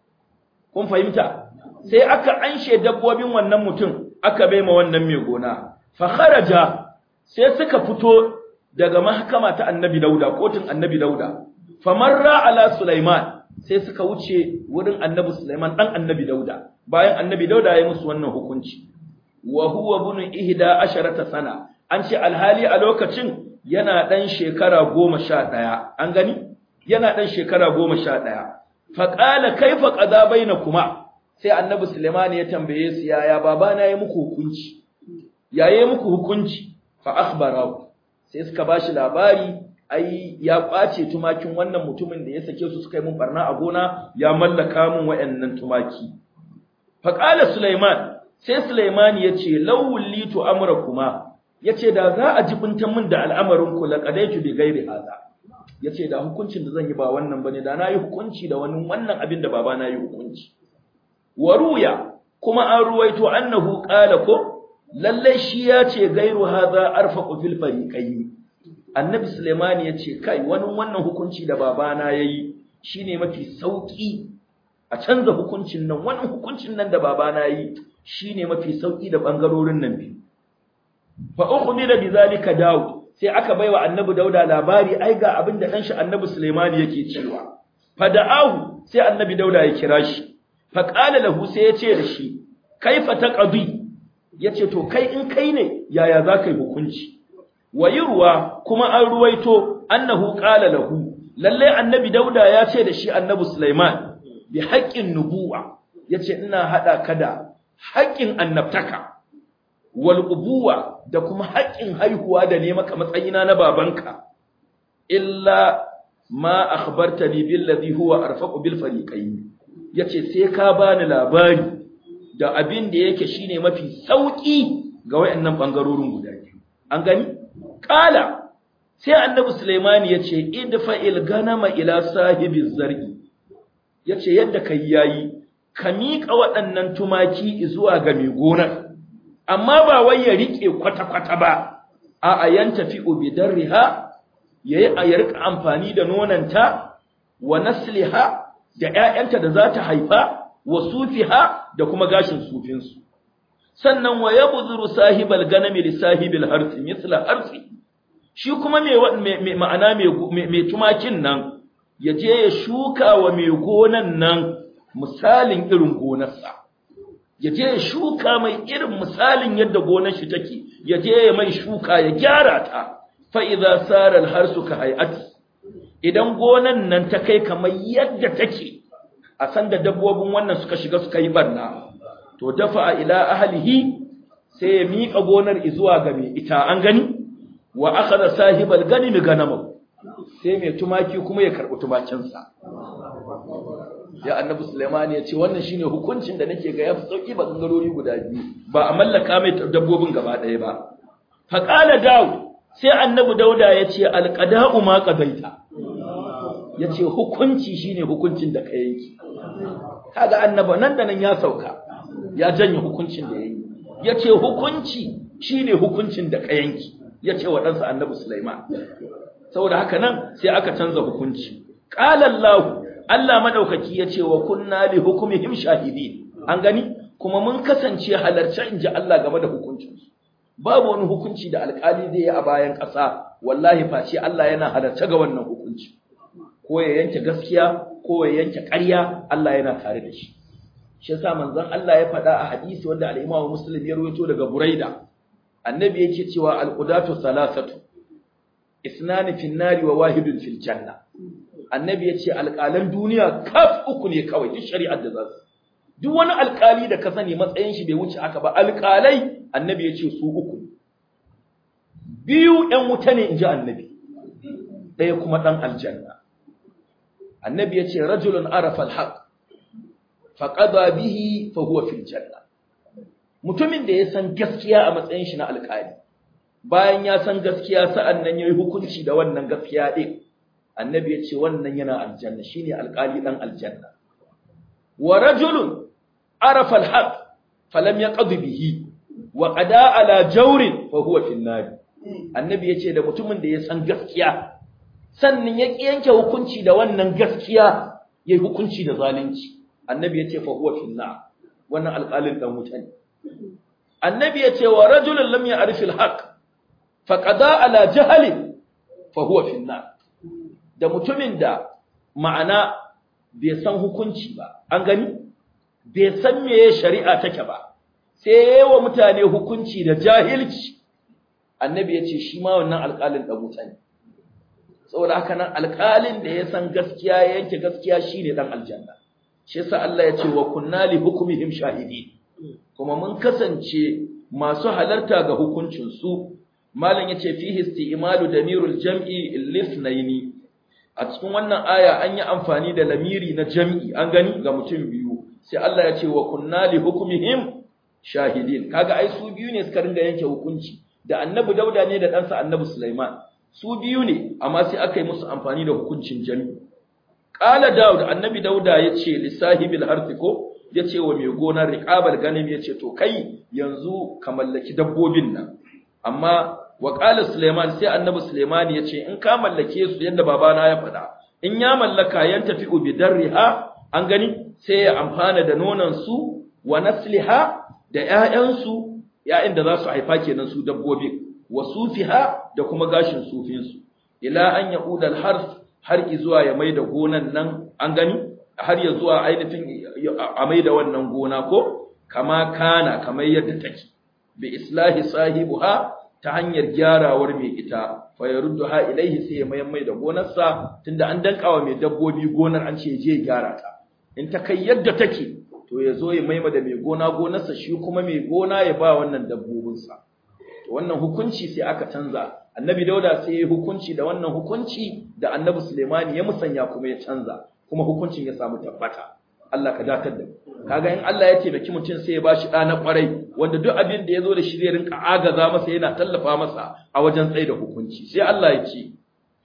kun fahimta sai aka anshe dabbobin wannan mutum aka bai ma wannan mai gona fa kharaja sai suka fito daga mahkama ta annabi dauda kotun annabi dauda famarra ala sulaiman sai suka wuce wurin annabi sulaiman dan annabi dauda bayan annabi dauda ya musu wannan hukunci wa huwa bunu ihda asharata sana an ce alhali a lokacin yana dan shekara goma sha ɗaya an gani yana dan shekara goma sha ɗaya faƙala kaifa ƙaza baina kuma sai annabi sulemani ya tambaye su yaya babana ya muku hukunci yi muku hukunci fa akhbara sai suka bashi labari ai ya kwace tumakin wannan mutumin da ya sake su suka yi mun barna a gona ya mallaka mun wayannan tumaki faƙala Sulaiman sai Sulaiman ya ce lawullitu kuma. ya ce da za a jibintan min da al'amarinku laƙadaitu bi gairi haza ya ce da hukuncin da zan yi ba wannan ba ne da na yi hukunci da wani wannan abin da baba na yi hukunci waruya kuma an ruwaito annahu ƙala ko lallai shi ya ce gairu haza arfa fil fariqayn annabi Sulaiman ya ce kai wani wannan hukunci da baba na yayi shine mafi sauƙi. a canza hukuncin nan wani hukuncin nan da babana yi shine mafi sauki da bangarorin nan biyu fa bi zalika daud sai aka baiwa annabi dauda labari ai ga abin da dan shi annabi sulaiman yake cewa fada'ahu sai annabi dauda ya kira shi fa qala lahu sai ya ce da shi kaifa taqdi yace to kai in kai ne yaya za kai hukunci wayirwa kuma an ruwaito annahu qala lahu lalle annabi dauda ya ce da shi annabi sulaiman bi haƙƙin nubuwa yace ina hada ka da haƙƙin annabtaka wal ubuwa da kuma haƙƙin haihuwa da ne maka matsayina na babanka illa ma akhbartani billadhi huwa arfaqu bil fariqayn yace sai ka bani labari da abin da yake shine mafi sauki ga wayannan bangarorin guda biyu an gani kala sai annabi Suleimani yace idfa il ganama ila sahibi zargi Ya ce yadda kai yayi ka miƙa waɗannan tumaki zuwa ga mai gonar amma ba wai ya rike kwata kwata ba a ayan tafi bi darriha yayi a yarka amfani da nonanta wa nasliha da 'ya'yanta da za ta haifa wa sufiha da kuma gashin sufinsu sannan wa buzuru sahibal ganami li sahibil harsi mithla harsi shi kuma me ma'ana mai tumakin nan ya je ya shuka wa mai gonan nan misalin irin gonarsa ya je ya shuka mai irin misalin yadda gonar shi take ya je ya mai shuka ya gyara ta fa idza sara al hayati idan gonan nan ta kai kamar yadda take a san da dabbobin wannan suka shiga suka yi barna to dafa a ila ahlihi sai ya miƙa gonar izuwa ga mai ita an gani wa akhadha sahibal ganimi ganama. sai mai tumaki kuma ya karɓi tumakinsa ya annabi Sulaiman ya ce wannan shine hukuncin da nake ga yafi sauki ba gangarori guda biyu ba a mallaka mai dabbobin gaba ɗaya ba fa qala sai annabi dauda ya ce alqada'u ma qadaita ya ce hukunci shine hukuncin da ka yanki kaga annabi nan da nan ya sauka ya janye hukuncin da yayi ya ce hukunci shine hukuncin da ka yanki ya ce wa ɗansa annabi Sulaiman saboda haka nan sai aka canza hukunci qala Allah Allah madaukaki yace wa kunna li hukmihim shahidin an gani kuma mun kasance halarci inji Allah game da hukuncin babu wani hukunci da alkali zai yi a bayan ƙasa wallahi face Allah yana halarci ga wannan hukunci ko ya yanke gaskiya ko ya yanke ƙarya Allah yana tare da shi shi yasa manzon Allah ya faɗa a hadisi wanda al-Imam Muslim ya rawaito daga Buraida annabi yake cewa al-qudatu salasatu isnani fil nari wa wahidun fil janna annabi yace alkalan duniya kaf uku ne kawai duk shari'ar da za duk wani alƙali da ka sani matsayin shi bai wuce haka ba alkalai? annabi yace su uku biyu ɗan wuta ne inji annabi ɗaya kuma ɗan aljanna annabi yace rajulun arafa alhaq faqada bihi fa huwa fil janna mutumin da ya san gaskiya a matsayin shi na alƙali bayan ya san gaskiya sa'an nan ya yi hukunci da wannan gaskiya ɗin annabi ya ce wannan yana aljanna shi ne alƙali ɗan aljanna wa rajulun arafa alhaq falam ya ƙadu bihi wa ƙada ala jaurin fa huwa finnari annabi ya ce da mutumin da ya san gaskiya sannan ya ƙi yanke hukunci da wannan gaskiya ya yi hukunci da zalunci annabi ya ce fa huwa finnar wannan alƙalin ɗan wuta ne annabi ya ce wa rajulun lam ya arfi alhaq faqada ala jahli fa huwa nar da mutumin da ma'ana bai san hukunci ba an gani bai san meye shari'a take ba sai yawa mutane hukunci da jahilci annabi ya ce shi ma wannan alƙalin da mutane saboda haka nan alƙalin da ya san gaskiya ya yanke gaskiya shine dan aljanna shi yasa Allah ya ce wa kunnali li shahidi kuma mun kasance masu halarta ga hukuncin su malam yace fihi isti'malu damirul jam'i lisnaini a cikin wannan aya an yi amfani da lamiri na jam'i an gani ga mutum biyu sai Allah ya ce wa kunna li hukmihim shahidin kaga ai su biyu ne suka ringa yanke hukunci da annabi dauda ne da ɗansa annabi sulaiman su biyu ne amma sai aka yi musu amfani da hukuncin jami qala daud annabi dauda yace li sahibil harfi ko yace wa mai gonar riqabal ganim yace to kai yanzu ka mallaki dabbobin nan amma wa qala sai annabi Sulaiman ya ce in ka mallake su yadda babana ya faɗa in ya mallaka yan tafi bi darriha an gani sai ya amfana da nonan su wa nasliha da 'ya'yansu su da za su haifa kenan su dabbobi wa sufiha da kuma gashin sufinsu. ila an ya al-harth har zuwa ya mai da gonan nan an gani har ya zuwa ainihin a mai da wannan gona ko kama kana kamar yadda take bi islahi ha. ta hanyar gyarawar mai ita fa ha ilaihi sai ya mayan mai da gonarsa tunda an wa mai dabbobi gonar an ce je gyara ta in ta kai yadda take to ya zo ya maima da mai gona gonarsa shi kuma mai gona ya ba wannan dabbobinsa wannan hukunci sai aka canza annabi dauda sai ya hukunci da wannan hukunci da annabi sulaimani ya musanya kuma ya canza kuma hukuncin ya samu tabbata Allah ka datar da kaga in Allah ya taimaki mutum sai ya bashi ɗa na ƙwarai Wanda duk abinda ya zo da shirin ƙa'a ga za mu na tallafa masa a wajen tsare hukunci, sai Allah ya ce.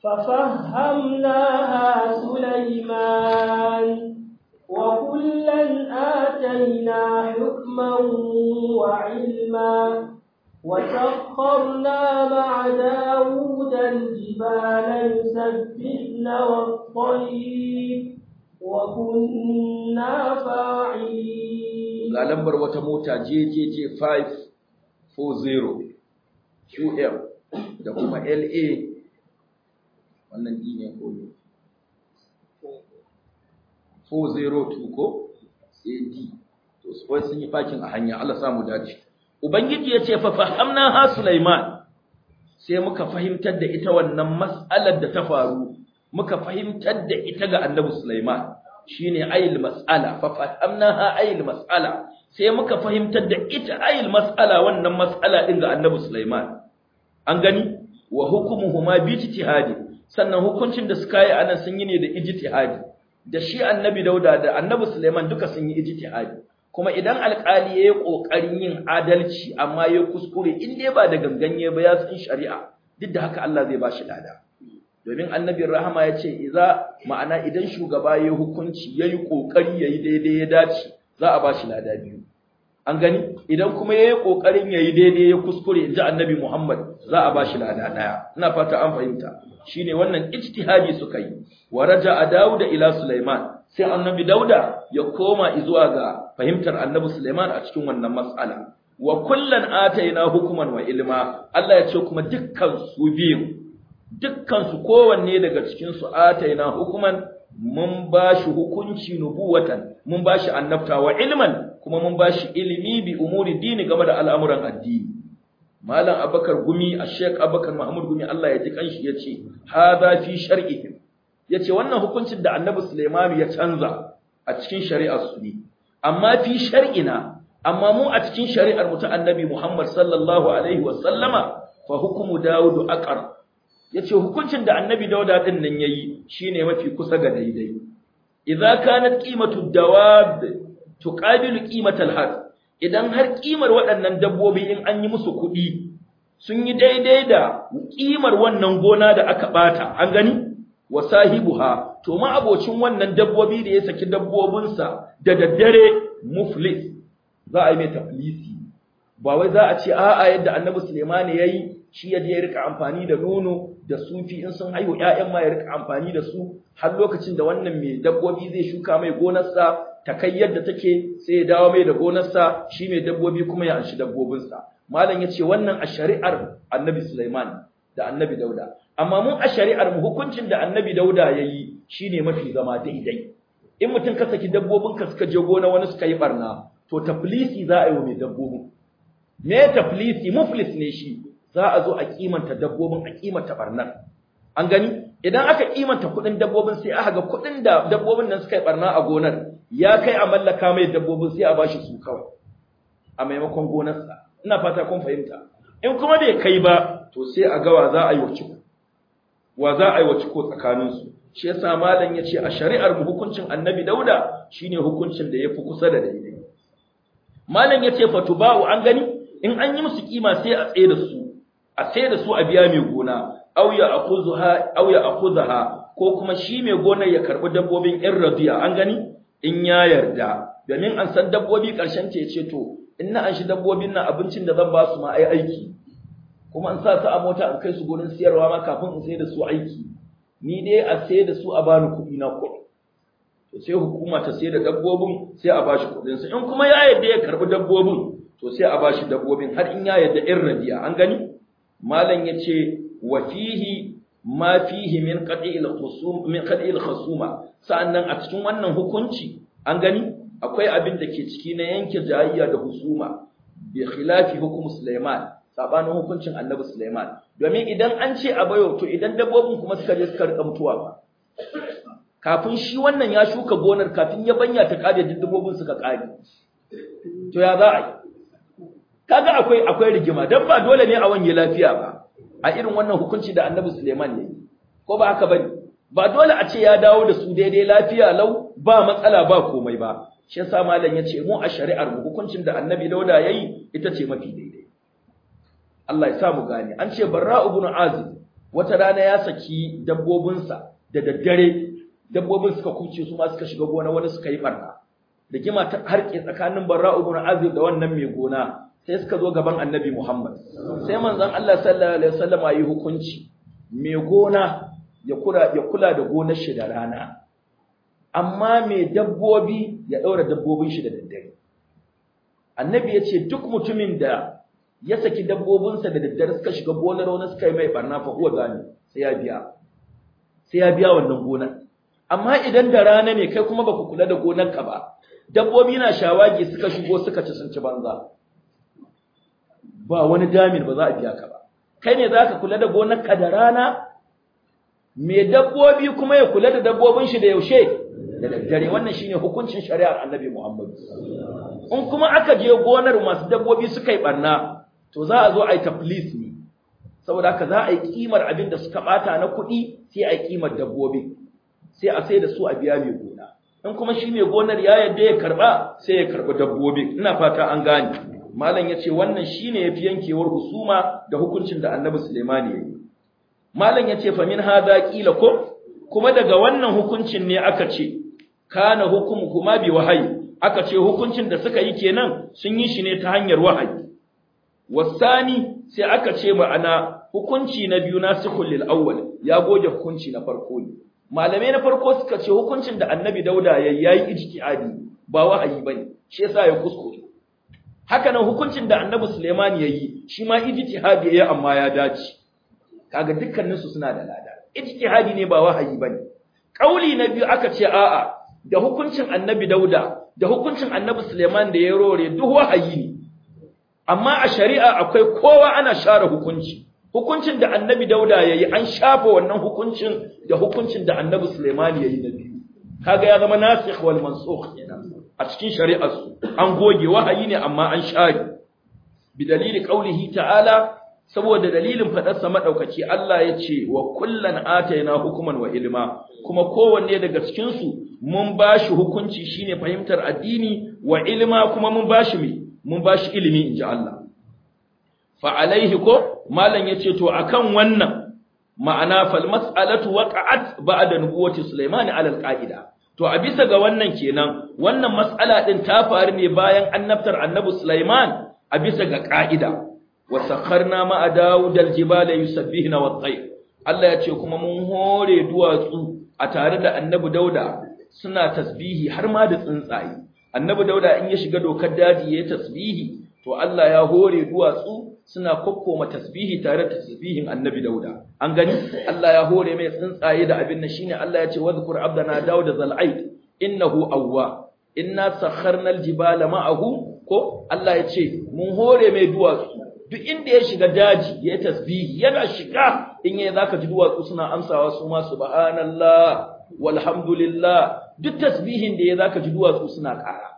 Fahimtar na a sulaiman, waƙullen 'asai na duk manhu wa ilma. Wataƙaunar macazau don jifanin sabbin dawa ƙauye na ƙunna facin. ga lambar wata mota JJJ 540 QM da kuma LA wannan e ne 402 ko AD to su sun yi fakin a hanya Allah samu dace ubangiji ya ce fa fahamna ha Sulaiman sai muka fahimtar da ita wannan mas'alar da ta faru muka fahimtar da ita ga Annabi Sulaiman shine ayil mas'ala fa fahamnaha ayil mas'ala sai muka fahimtar da ita ayil mas'ala wannan mas'ala din ga Annabi Sulaiman an gani wa hukumuhuma bi ijtihadi sannan hukuncin da suka yi anan sun yi ne da ijtihadi da shi Annabi Dauda da Annabi Sulaiman duka sun yi ijtihadi kuma idan alƙali yayi kokarin yin adalci amma ya kuskure in dai ba da ganganye ba ya san shari'a duk da haka Allah zai ba shi lada domin annabin rahama ya ce iza ma'ana idan shugaba ya yi hukunci ya yi ƙoƙari ya yi daidai ya dace za a ba shi lada biyu an gani idan kuma ya yi ƙoƙarin ya yi daidai ya kuskure in ji annabi muhammad za a ba shi lada ɗaya ina fata an fahimta Shi ne wannan ijtihadi suka yi wa a dauda ila sulaiman sai annabi dauda ya koma izuwa ga fahimtar annabi sulaiman a cikin wannan matsala. wa kullan ataina hukuman wa ilma Allah ya ce kuma dukkan su biyu dukkansu kowanne daga cikinsu ataina hukuman mun ba shi hukunci nubuwatan mun ba shi annabta wa ilman kuma mun ba shi ilimi bi umuri dini game da al'amuran addini malam abakar gumi a sheik abakar mahmud gumi Allah ya ji kanshi ya ce haza fi shar'ihim ya ce wannan hukuncin da annabi suleimanu ya canza a cikin shari'ar su ne amma fi shar'ina amma mu a cikin shari'ar mu ta annabi muhammad sallallahu alaihi wa sallama fa hukumu dawudu aqar Ya ce hukuncin da annabi dauda din nan yayi shine mafi kusa ga daidai idza kanat qimatu dawab tuqabilu qimatal haq idan har ƙimar waɗannan dabbobi in an yi musu kuɗi sun yi daidai da ƙimar wannan gona da aka ɓata, an gani wa sahibuha to ma abocin wannan dabbobi da ya saki dabbobinsa da daddare muflis za a yi mai taflisi ba wai za a ce a'a yadda annabi Suleiman yayi shi ya je ya rika amfani da nono da sufi in sun haihu ƴaƴan ma ya rika amfani da su har lokacin da wannan mai dabbobi zai shuka mai gonarsa ta kai yadda take sai ya dawo mai da gonarsa shi mai dabbobi kuma ya anshi dabbobinsa malam ya ce wannan a shari'ar annabi Sulaiman da annabi Dauda amma mun a shari'ar mu hukuncin da annabi Dauda ya yi shine mafi zama daidai in mutum ka saki dabbobin ka suka je gona wani suka yi barna to taflisi za a yi wa mai dabbobin me taflisi muflis ne shi za a zo a kimanta dabbobin a kimanta barnar an gani idan aka kimanta kuɗin dabbobin sai aka ga kuɗin da dabbobin nan suka yi barna a gonar ya kai a mallaka mai dabbobin sai a bashi su kawai a maimakon gonarsa ina fata kun fahimta in kuma bai kai ba to sai a ga wa za a yi wacce wa za a yi wacce ko tsakaninsu shi yasa malam ya ce a shari'ar mu hukuncin annabi dauda shine hukuncin da ya fi kusa da daidai malam ya ce fatuba'u an gani in an yi musu kima sai a tsaye da su a sai da su a biya mai gona aw ya akhuzaha aw ya ko kuma shi mai gonar ya karbi dabbobin in radiya an gani in ya yarda domin an san dabbobi karshen ce ce to in na an shi dabbobin nan abincin da zan ba su ma ai aiki kuma an sa su a mota an kai su gurin siyarwa ma kafin in sai da su aiki ni dai a sai da su a bani kuɗi na kuɗi to sai hukuma ta sai da dabbobin sai a bashi kuɗin sa in kuma ya yarda ya karbi dabbobin to sai a bashi dabbobin har in ya yarda in radiya an gani malam yace wa fihi ma fihi min qat'il khusum min qat'il khusuma sa'annan a cikin wannan hukunci an gani akwai abin da ke ciki na yanke jayayya da husuma bi khilafi hukum Sulaiman sabanin hukuncin Annabi Sulaiman domin idan an ce a bayo to idan dabbobin kuma suka je suka rika mutuwa ba kafin shi wannan ya shuka gonar kafin ya banya ta kare dabbobin suka kare to ya za kaga akwai akwai rigima dan ba dole ne a wanye lafiya ba a irin wannan hukunci da Annabi Suleiman ne ko ba haka bane ba dole a ce ya dawo da su daidai lafiya lau ba matsala ba komai ba shi yasa malam ya ce mu a shari'ar mu hukuncin da Annabi Dauda yayi ita ce mafi daidai Allah ya sa mu gane an ce Barra ibn Azib wata rana ya saki dabbobinsa da daddare dabbobin suka kuce su ma suka shiga gona wani suka yi barna rigima ta harke tsakanin Barra ibn Azib da wannan mai gona sai suka zo gaban annabi Muhammad sai manzan Allah sallallahu alaihi wasallam yi hukunci mai gona ya kula ya kula da gonar shi da rana amma mai dabbobi ya daura dabbobin shi da daddare annabi ya ce duk mutumin da ya saki dabbobinsa da daddare suka shiga gonar wani suka yi mai barna fa huwa gani sai ya biya sai ya biya wannan gonar amma idan da rana ne kai kuma baka kula da gonar ka ba dabbobi na shawagi suka shigo suka ci sun ci banza ba wani jami'in ba za a biya ka ba kai ne zaka kula da gonarka da rana mai dabbobi kuma ya kula da dabbobin shi da yaushe da daddare wannan shine hukuncin shari'ar Annabi Muhammad in kuma aka je gonar masu dabbobi suka yi barna to za a zo a yi ta police ne saboda haka za a yi kimar abin da suka bata na kuɗi sai a yi kimar dabbobi sai a sai da su a biya mai gona in kuma shi mai gonar ya yadda ya karba sai ya karba dabbobi ina fata an gane malam yace wannan shine yafi yankewar husuma da hukuncin da annabi Sulaiman yayi malam yace fa min haza qila ko kuma daga wannan hukuncin ne aka ce kana hukumu kuma bi wahayi aka ce hukuncin da suka yi kenan sun yi shi ne ta hanyar wahayi wasani sai aka ce ma'ana hukunci na biyu nasikhul lil awwal ya goge hukunci na farko ne malamai na farko suka ce hukuncin da annabi dauda yayi yayi ijtihadi ba wahayi bane shi yasa ya kuskure haka nan hukuncin da annabi Suleiman ya yi shi ma ijtihadi yayi amma ya dace kaga dukkanin su suna da lada ijtihadi ne ba wahayi bane kauli na biyu aka ce a'a da hukuncin annabi Dauda da hukuncin annabi Suleiman da ya rore duk wahayi ne amma a shari'a akwai kowa ana share hukunci hukuncin da annabi Dauda ya yi an shafa wannan hukuncin da hukuncin da annabi Suleiman yi na biyu kaga ya zama nasikh wal mansukh kenan a cikin shari'arsu an goge wahayi ne amma an shari bi dalili kaulihi ta'ala saboda dalilin sa madaukaki Allah yace ce wa kullan ataina hukuman wa ilma kuma kowanne daga cikin su mun bashi hukunci shine fahimtar addini wa ilma kuma mun bashi mi mun bashi ilimi inji Allah fa alaihi ko malam yace to akan wannan ma'ana fal mas'alatu waqa'at ba'da nubuwwati Sulaiman ala al To a bisa ga wannan kenan wannan mas'ala ɗin ta faru ne bayan annabtar annabi Sulaiman a bisa ga ƙa'ida wa sakharna ma'a Dawud al-jibala yusabbihna na tayr Allah ya ce kuma mun hore duwatsu a tare da annabi Dauda suna tasbihi har ma da tsuntsaye annabi Dauda in ya shiga dokar daji yi tasbihi to Allah ya hore duwatsu suna kokkoma tasbihi tare da tasbihin annabi dauda an gani Allah ya hore mai tsuntsaye da abin nan shine Allah ya ce wadhkur abdana dauda zal'ait innahu awwa inna sakharna aljibala ma'ahu ko Allah ya ce mun hore mai duwatsu duk inda ya shiga daji ya tasbihi yana shiga in yayi zaka ji duwatsu suna amsawa su ma subhanallah walhamdulillah duk tasbihin da ya zaka ji duwatsu suna ƙara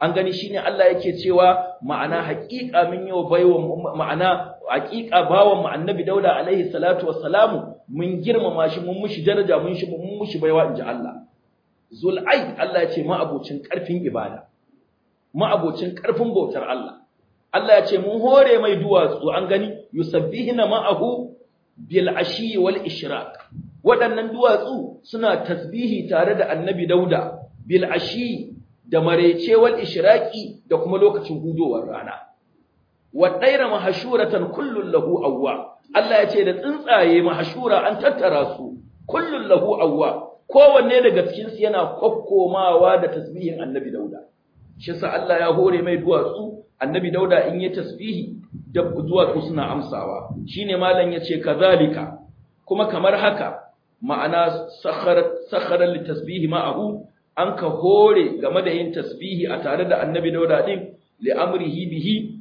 an gani shine Allah yake cewa ma'ana haƙiƙa min yau baiwa ma'ana haƙiƙa bawan mu annabi dauda alaihi salatu wassalamu mun girmama shi mun mushi daraja mun shi mun mushi baiwa inji Allah zulai Allah ya ce ma'abocin ƙarfin ibada ma'abocin ƙarfin bautar Allah Allah ya ce mun hore mai duwatsu an gani yusabbihuna ma'ahu bil ashi wal ishraq waɗannan duwatsu suna tasbihi tare da annabi dauda bil ashi da marecewar ishiraki da kuma lokacin hudowar rana. Waɗaira mahashuratan kullun lahu awwa, Allah ya ce da tsuntsaye mahashura an tattara su, kullun lahu awwa, kowanne daga cikinsu yana kwakkomawa da tasbihin annabi dauda. Shi sa Allah ya hore mai duwatsu, annabi dauda in yi tasbihi da duwatsu suna amsawa, shi ne malam ya ce, kazalika, kuma kamar haka, ma'ana sakharar litasbihi ma'ahu an ka hore game da yin tasbihi a tare da annabi dauda din li amrihi bihi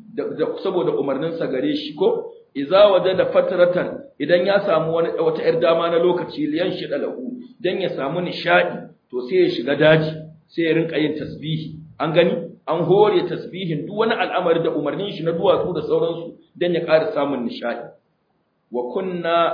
saboda umarninsa gare shi ko iza waje da fataratan idan ya samu wata yar dama na lokaci liyan shi dalahu dan ya samu nishadi to sai ya shiga daji sai ya rinka yin tasbihi an gani an hore tasbihin duk wani al'amari da umarnin shi na duwatsu da sauransu dan ya ƙara samun nishadi wa kunna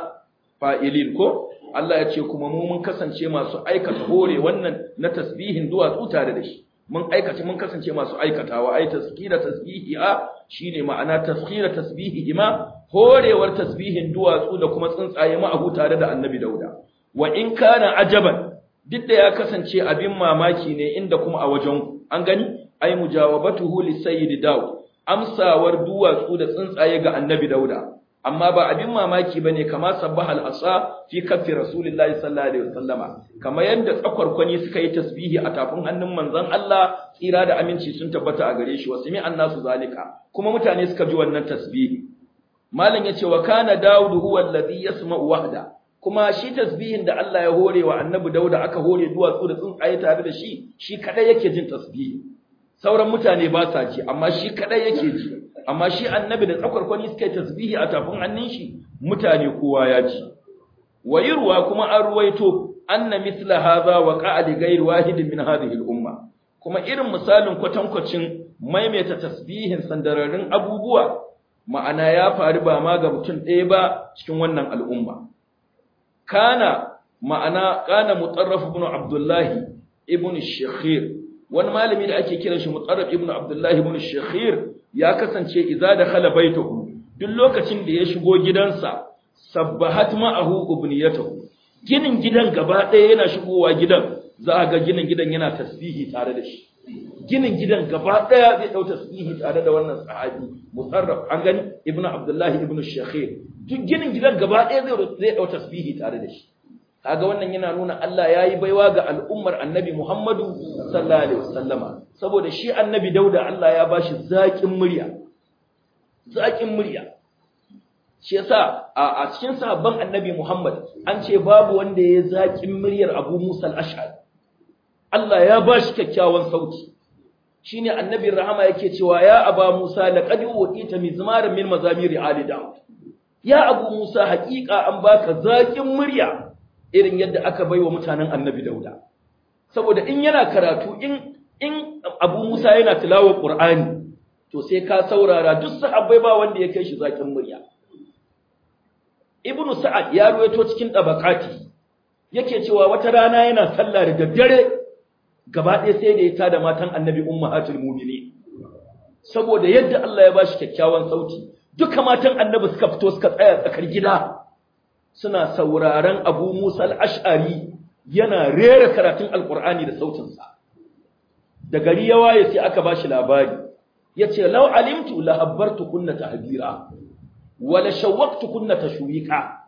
fa'ilin ko Allah ya ce kuma mu mun kasance masu aikata hore wannan na tasbihin duwatsu tare da shi mun aikata mun kasance masu aikatawa ai taskira tasbihi a shine ma'ana taskira tasbihi ima horewar tasbihin duwatsu da kuma tsuntsaye abu tare da annabi dauda wa in kana ajaban duk da ya kasance abin mamaki ne inda kuma a wajen an gani ai mujawabatuhu li sayyid daud amsawar duwatsu da tsuntsaye ga annabi dauda amma ba abin mamaki bane kama sabbahal asa fi kafi rasulullahi sallallahu alaihi wasallama kama yanda tsakwarkwani suka yi tasbihi a tafin hannun manzon Allah tsira da aminci sun tabbata a gare shi wasmi annasu zalika kuma mutane suka ji wannan tasbihi malam yace wa kana daud huwa alladhi yasma'u wahda kuma shi tasbihin da Allah ya hore wa annabi dauda aka hore duwatsu da tsuntsaye tare da shi shi kadai yake jin tasbihi sauran mutane ba sa ji amma shi kadai yake ji amma shi annabi da tsakwarkwani suka yi tasbihi a tafin hannun shi mutane kowa ya ci wayirwa kuma an ruwaito anna mithla hadha wa qa'ad ghayr wahid min hadhihi al-umma kuma irin misalin kwatankwacin maimaita tasbihin sandararin abubuwa ma'ana ya faru ba ma ga mutum ɗaya ba cikin wannan al'umma kana ma'ana kana mutarraf ibn abdullahi ibn shakhir wani malami da ake kiran shi mutarraf ibn abdullahi ibn shakhir ya kasance da khala baitahu duk lokacin da ya shigo gidansa sabbahat ma'ahu ubniyatuhu ginin gidan gaba ɗaya yana shigowa gidan za a ga ginin gidan yana tasbihi tare da shi ginin gidan gaba ɗaya zai ɗau tasbihi tare da wannan sahabi musarraf an gani ibnu abdullahi ibnu shakhir duk ginin gidan gaba ɗaya zai ɗau tasbihi tare da shi kaga wannan yana nuna Allah yayi baiwa ga al'ummar annabi Muhammadu sallallahu alaihi wasallama saboda shi annabi Dauda Allah ya bashi zaƙin murya Zaƙin murya shi yasa a cikin sahabban annabi Muhammad an ce babu wanda ya zaƙin muryar Abu Musa al-Ash'ari Allah ya bashi kyakkyawan sauti shine annabin rahama yake cewa ya Aba Musa laqad uwita mizmaran min mazamiri ali Dawud ya Abu Musa haƙiƙa an baka zaƙin murya irin yadda aka bai wa mutanen annabi dauda saboda in yana karatu in in abu musa yana tilawar qur'ani to sai ka saurara duk sahabbai ba wanda ya kai shi zakin murya ibnu sa'ad ya ruwaito cikin tabaqati yake cewa wata rana yana sallah da daddare gaba ɗaya sai da ya da matan annabi ummahatul mu'minin saboda yadda Allah ya bashi kyakkyawan sauti duka matan annabi suka fito suka tsaya tsakar gida suna sauraron Abu Musa al-Ash'ari yana rera karatun Alƙur'ani da sautinsa. Da gari ya waye sai aka shi labari, ya ce, Lau alimtu lahabbartu kunna Habira. wala shawwaktu kunna tashwiqa.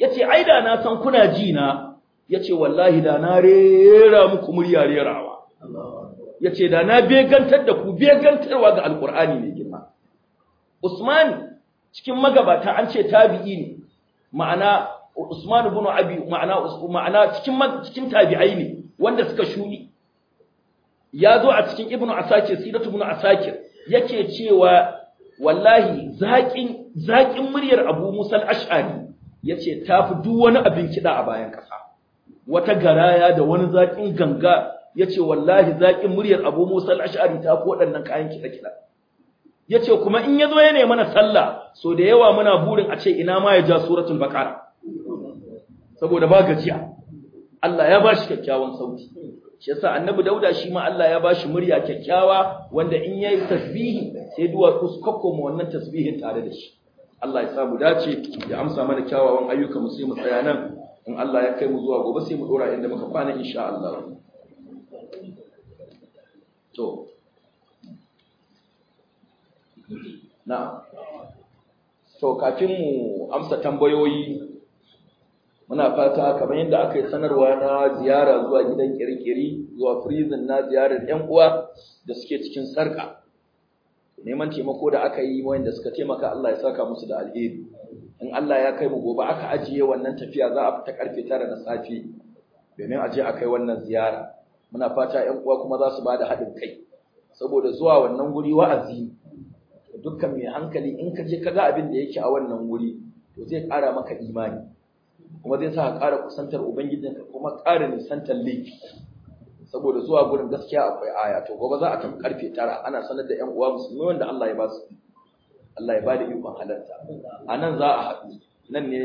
Ya ce, Ai da na san kuna jina. ya ce, Wallahi da na rera muku murya rerawa. Ya ce, Da na begantar da ku begantarwa ga Alƙur'ani mai girma. Usman cikin magabata an ce tabi'i ne, ma'ana Usman ibn Abi ma'ana ma'ana cikin cikin tabi'ai ne wanda suka shudi ya zo a cikin Ibn Asakir Siratu ibn Asakir yake cewa wallahi zaƙin zaƙin muryar Abu Musa al-Ash'ari yace tafi duk wani abin kida a bayan kasa wata garaya da wani zaƙin ganga yace wallahi zaƙin muryar Abu Musa al-Ash'ari tafi waɗannan kayan kida kida yace kuma in yazo ya nemi mana sallah so da yawa muna burin a ce ina ma ya ja suratul baqara saboda ba gajiya Allah ya bashi kyakkyawan sauti shi yasa annabi dauda shi ma Allah ya bashi murya kyakkyawa wanda in yayi tasbihi sai duwatsu su kakkoma wannan tasbihin tare da shi Allah ya samu dace ya amsa mana kyawawan ayyuka mu sai mu tsaya nan in Allah ya kai mu zuwa gobe sai mu dora inda muka kwana insha Allah to na'am to kafin mu amsa tambayoyi muna fata kamar yadda aka yi sanarwa na ziyara zuwa gidan kirkiri zuwa prison na ziyarar yan uwa da suke cikin sarka neman taimako da aka yi wanda suka taimaka Allah ya saka musu da alheri in Allah ya kai mu gobe aka ajiye wannan tafiya za a fita karfe tara na safe domin aje a kai wannan ziyara muna fata yan uwa kuma za su bada haɗin kai saboda zuwa wannan guri wa'azi dukkan mai hankali in ka je ka ga abin da yake a wannan wuri to zai ƙara maka imani kuma zai sa ka ƙara kusantar ubangijinka kuma ƙara nisantar laifi saboda zuwa gurin gaskiya akwai aya to gobe za a tafi karfe tara ana sanar da 'yan uwa musulmi wanda Allah ya ba su Allah ya ba da ikon halarta a nan za a haɗu nan ne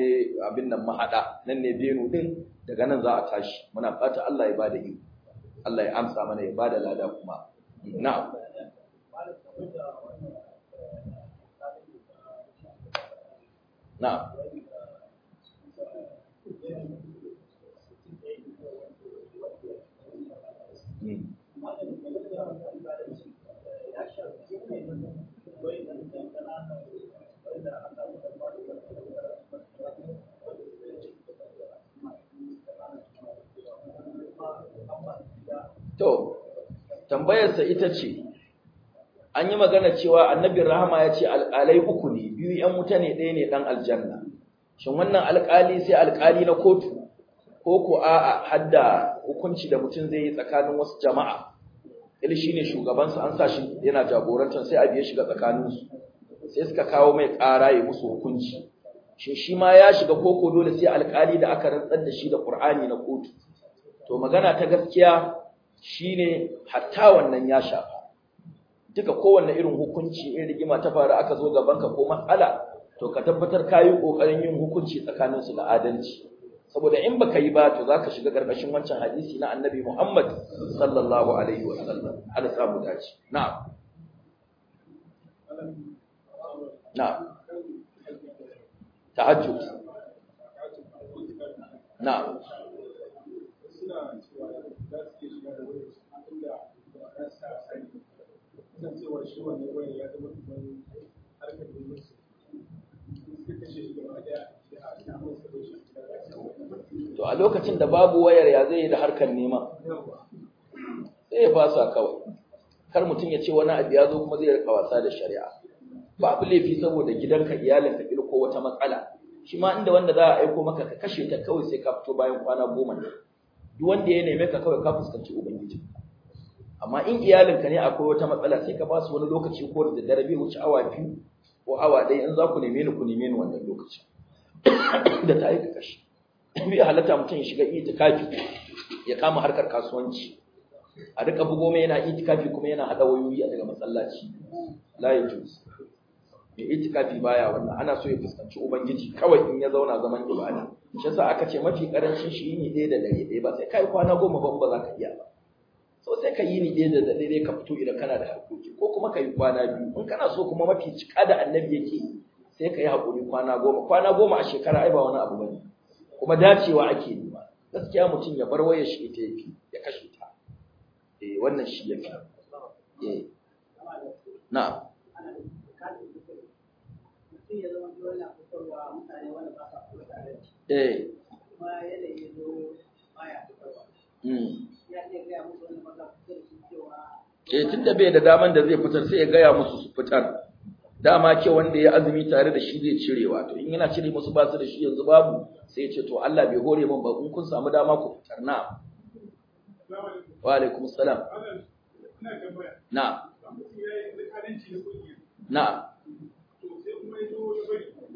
abin nan mahaɗa nan ne benu din daga nan za a tashi muna fata Allah ya ba da iko Allah ya amsa mana ya ba da lada kuma na'am na To, tambayarsa ita ce, an yi magana cewa annabin rahama ya ce al'alai uku ne, biyu ‘yan wuta ne ɗaya ne ɗan aljanna. Shin wannan alƙali sai alƙali na kotu, ko ko a hadda hukunci da mutum zai yi tsakanin wasu jama'a, ili shi ne shugabansa an sa shi yana jagorantar sai a biye shiga tsakaninsu, sai suka kawo mai ƙara ya musu hukunci. Shin shi ma ya shiga koko dole sai alƙali da aka rantsar da shi da Kur'ani na kotu. To magana ta gaskiya shi ne hatta wannan ya shafa. duka kowanne irin hukunci in rigima ta faru aka zo gaban ka ko matsala to ka tabbatar ka yi ƙoƙarin yin hukunci tsakanin su da adalci saboda in baka yi ba to zaka shiga ƙarƙashin wancan hadisi na annabi Muhammad sallallahu alaihi wa sallam Allah samu dace na'am na'am tahajjud na'am To a lokacin da babu wayar ya zai yi da harkar nema. Sai ya fasa kawai. Kar mutum ya ce wani abu ya zo kuma zai rika wasa da shari'a. Babu laifi saboda gidanka iyalinka ko wata matsala. Shi ma inda wanda za a aiko maka ka kashe ta kawai sai ka fito bayan kwana goma ne. Duk wanda ya neme ka kawai ka fuskanci ubangiji amma in iyalinka ne akwai wata matsala sai ka ba su wani lokaci ko da dare bai wuce awa biyu ko awa ɗaya in za ku neme ni ku neme ni wannan lokaci. (coughs) da ta yi kashi bai halatta mutum ya shiga itikafi ya kama harkar kasuwanci a duka bugo mai yana itikafi kuma yana hada wayoyi a daga masallaci la ya juz mai itikafi baya wannan ana so ya fuskanci ubangiji kawai in ya zauna zaman ibada shi yasa aka ce mafi karancin shi ne ɗaya da dare ɗaya ba sai kai kwana goma ba ba za ka iya ba sai ka yi ni ɗaya da daɗe ka fito idan kana da harkoki ko kuma ka yi kwana biyu in kana so kuma mafi cika da annabi yake sai ka yi haƙuri kwana goma kwana goma a shekara ai ba wani abu bane kuma dacewa ake nema gaskiya mutum ya bar wayar shi ita yafi ya kashe ta eh wannan shi yafi eh Na. eh eh tunda bai da daman da zai fitar sai ya gaya musu su fitar dama ke wanda ya azumi tare da shi zai cirewa to in yana cire musu ba su da shi yanzu babu sai ya ce to Allah bai hore min ba kun samu dama ku fitar na wa alaikum salam na na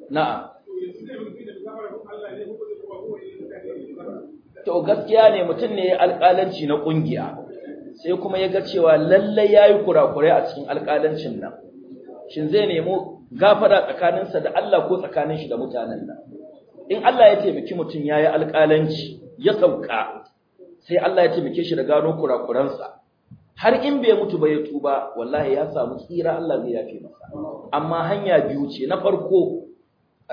na to gaskiya ne mutum ne ya alƙalanci na ƙungiya sai kuma ya ga cewa lallai ya yi kurakurai a cikin alƙalancin nan shin zai nemo gafara tsakaninsa da Allah ko tsakanin shi da mutanen nan in Allah ya taimaki mutum ya yi alƙalanci ya sauka sai Allah ya taimake shi da gano kurakuransa har in bai mutu ba ya tuba wallahi ya samu tsira Allah zai yafe masa amma hanya biyu ce na farko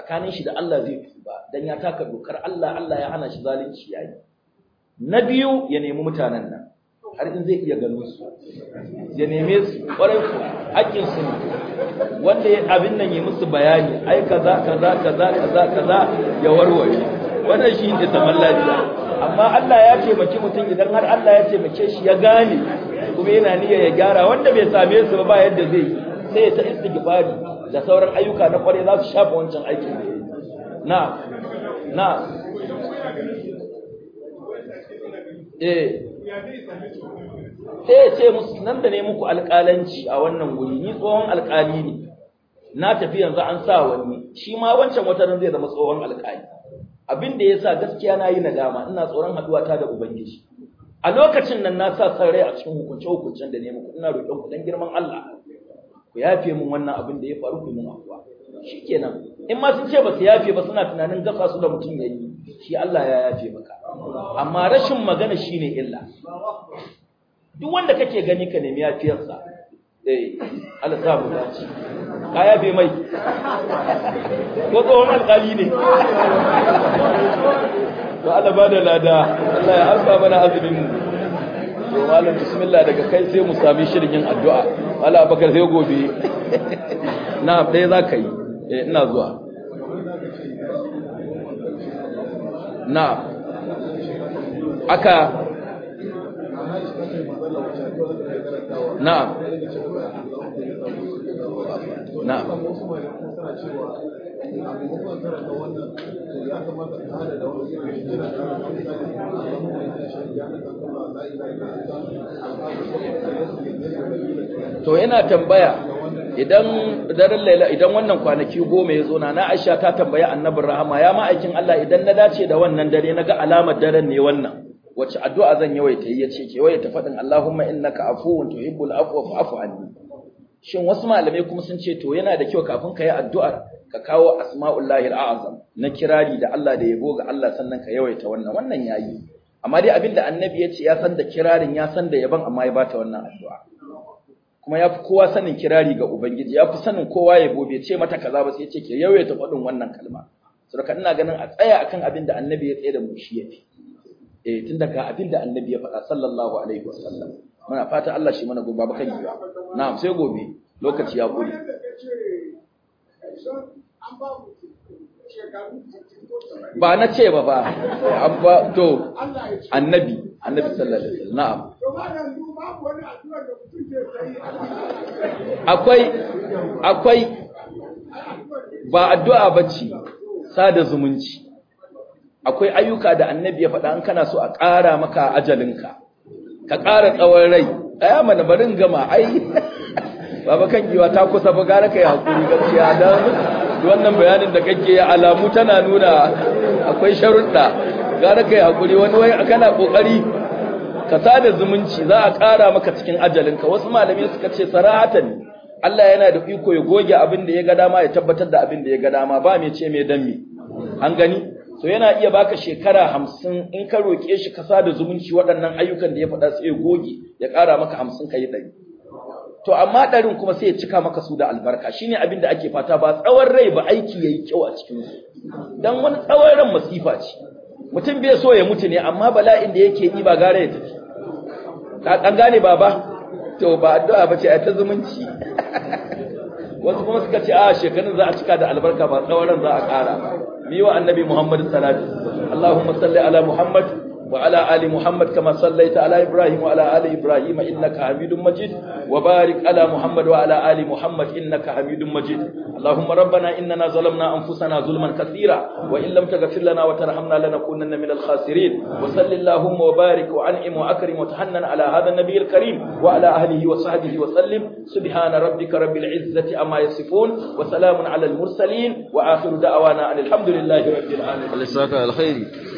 tsakanin shi da Allah zai ba dan ya taka dokar Allah Allah ya hana shi zalunci yayi na biyu ya nemi mutanen nan har in zai iya ganin su ya neme su kwarai ku hakkin su wanda abin nan ya musu bayani ai kaza kaza kaza kaza kaza ya warware wannan shi ne zaman lafiya amma Allah ya taimaki mutum idan har Allah ya taimake shi ya gane kuma yana niyya ya gyara wanda bai same su ba yadda zai sai ya ta istighfari da sauran ayyuka na kwarai za su shafa wancan aikin da yi. na na ta eh. sai ce musu nan da ne muku alƙalanci a wannan guri ni tsohon alƙali ne na tafi yanzu an sa wani shi ma wancan watanin zai zama tsohon alƙali abin da ya sa gaskiya na yi nadama ina tsoron haɗuwa ta da ubangiji a lokacin nan na sa san a cikin hukunce hukuncen da ne muku ina roƙon ku girman Allah ku yafe min wannan abin da ya faru ku min afuwa shikenan in ma sun ce ba su yafe ba suna tunanin gafa su da mutum yayi shi Allah ya yafe maka amma rashin magana shine illa duk wanda kake gani ka nemi yafiyarsa eh Allah ta dace. ka yafe mai ko wannan alƙali ne to Allah ba da lada Allah ya alfa mana azumin mu to malam bismillah daga kai sai mu sami shirin yin addu'a wala bakar sai gobe na ɗaya za ka yi eh, ina zuwa na aka na na ya to yana tambaya idan daren laila idan wannan kwanaki goma ya zo na na Aisha ta tambaya annabin rahama ya ma'aikin Allah idan na dace da wannan dare na ga alamar daren ne wannan wace addu'a zan yawaita yi ce? ke waye ta fadin Allahumma innaka afuwun tuhibbul afwa fa'fu anni shin wasu malamai kuma sun ce to yana da kyau kafin ka yi addu'ar ka kawo asma'ullahi al'azam na kirari da Allah da yabo ga Allah sannan ka yawaita wannan wannan yayi amma dai abin da annabi ya ce ya san da kirarin ya san da yaban amma ya bata wannan addu'a kuma ya fi kowa sanin kirari ga ubangiji ya fi sanin kowa yabo bai ce mata kaza ba sai ya ce ki yawaita faɗin wannan kalma saboda ina ganin a tsaya akan abin da annabi ya tsaya da mu eh tun daga abin da annabi ya faɗa sallallahu alaihi wasallam muna fata Allah shi mana gobe bakan yiwa na'am sai gobe lokaci ya kure ba na ce ba ba abba to annabi annabi sallallahu alaihi wasallam na'am akwai akwai ba addu'a bace sada zumunci akwai ayyuka da annabi ya faɗa an kana so a ƙara maka ajalinka ka ƙara tsawon rai aya mana barin gama ai (laughs) baba kan giwa ta kusa ba gara kai hakuri gaskiya don wannan bayanin da kake alamu tana nuna akwai sharuɗa gara kai hakuri wani wai a kana ƙoƙari? ka da zumunci za a ƙara maka cikin ajalinka wasu malamai suka ce sara'atan Allah yana da iko ya goge abin da ya ga dama ya tabbatar da abin da ya ga dama ba mai ce mai dan mi an gani so yana iya baka shekara hamsin in ka roƙe shi ka da zumunci waɗannan ayyukan da ya faɗa sai ya goge ya ƙara maka hamsin ka yi ɗari to amma ɗarin kuma sai ya cika maka su da albarka shine abin da ake fata ba tsawon rai ba aiki ya yi kyau a cikin su dan wani tsawon ran masifa ce mutum bai so ya mutu ne amma bala'in da yake yi ba gara ya tafi an gane ba to ba addu'a ba ce a ta zumunci (laughs) wasu kuma suka ce a shekarun za a cika da albarka ba tsawon ran za a ƙara ba mu yi wa annabi Muhammad salatu Allahumma salli ala Muhammad وعلى آل محمد كما صليت على إبراهيم وعلى آل إبراهيم إنك حميد مجيد وبارك على محمد وعلى آل محمد إنك حميد مجيد اللهم ربنا إننا ظلمنا أنفسنا ظلما كثيرا وإن لم تغفر لنا وترحمنا لنكونن من الخاسرين وصل اللهم وبارك وأنعم وأكرم وتحنن على هذا النبي الكريم وعلى أهله وصحبه وسلم سبحان ربك رب العزة أما يصفون وسلام على المرسلين وآخر دعوانا أن الحمد لله رب العالمين. الله الخير.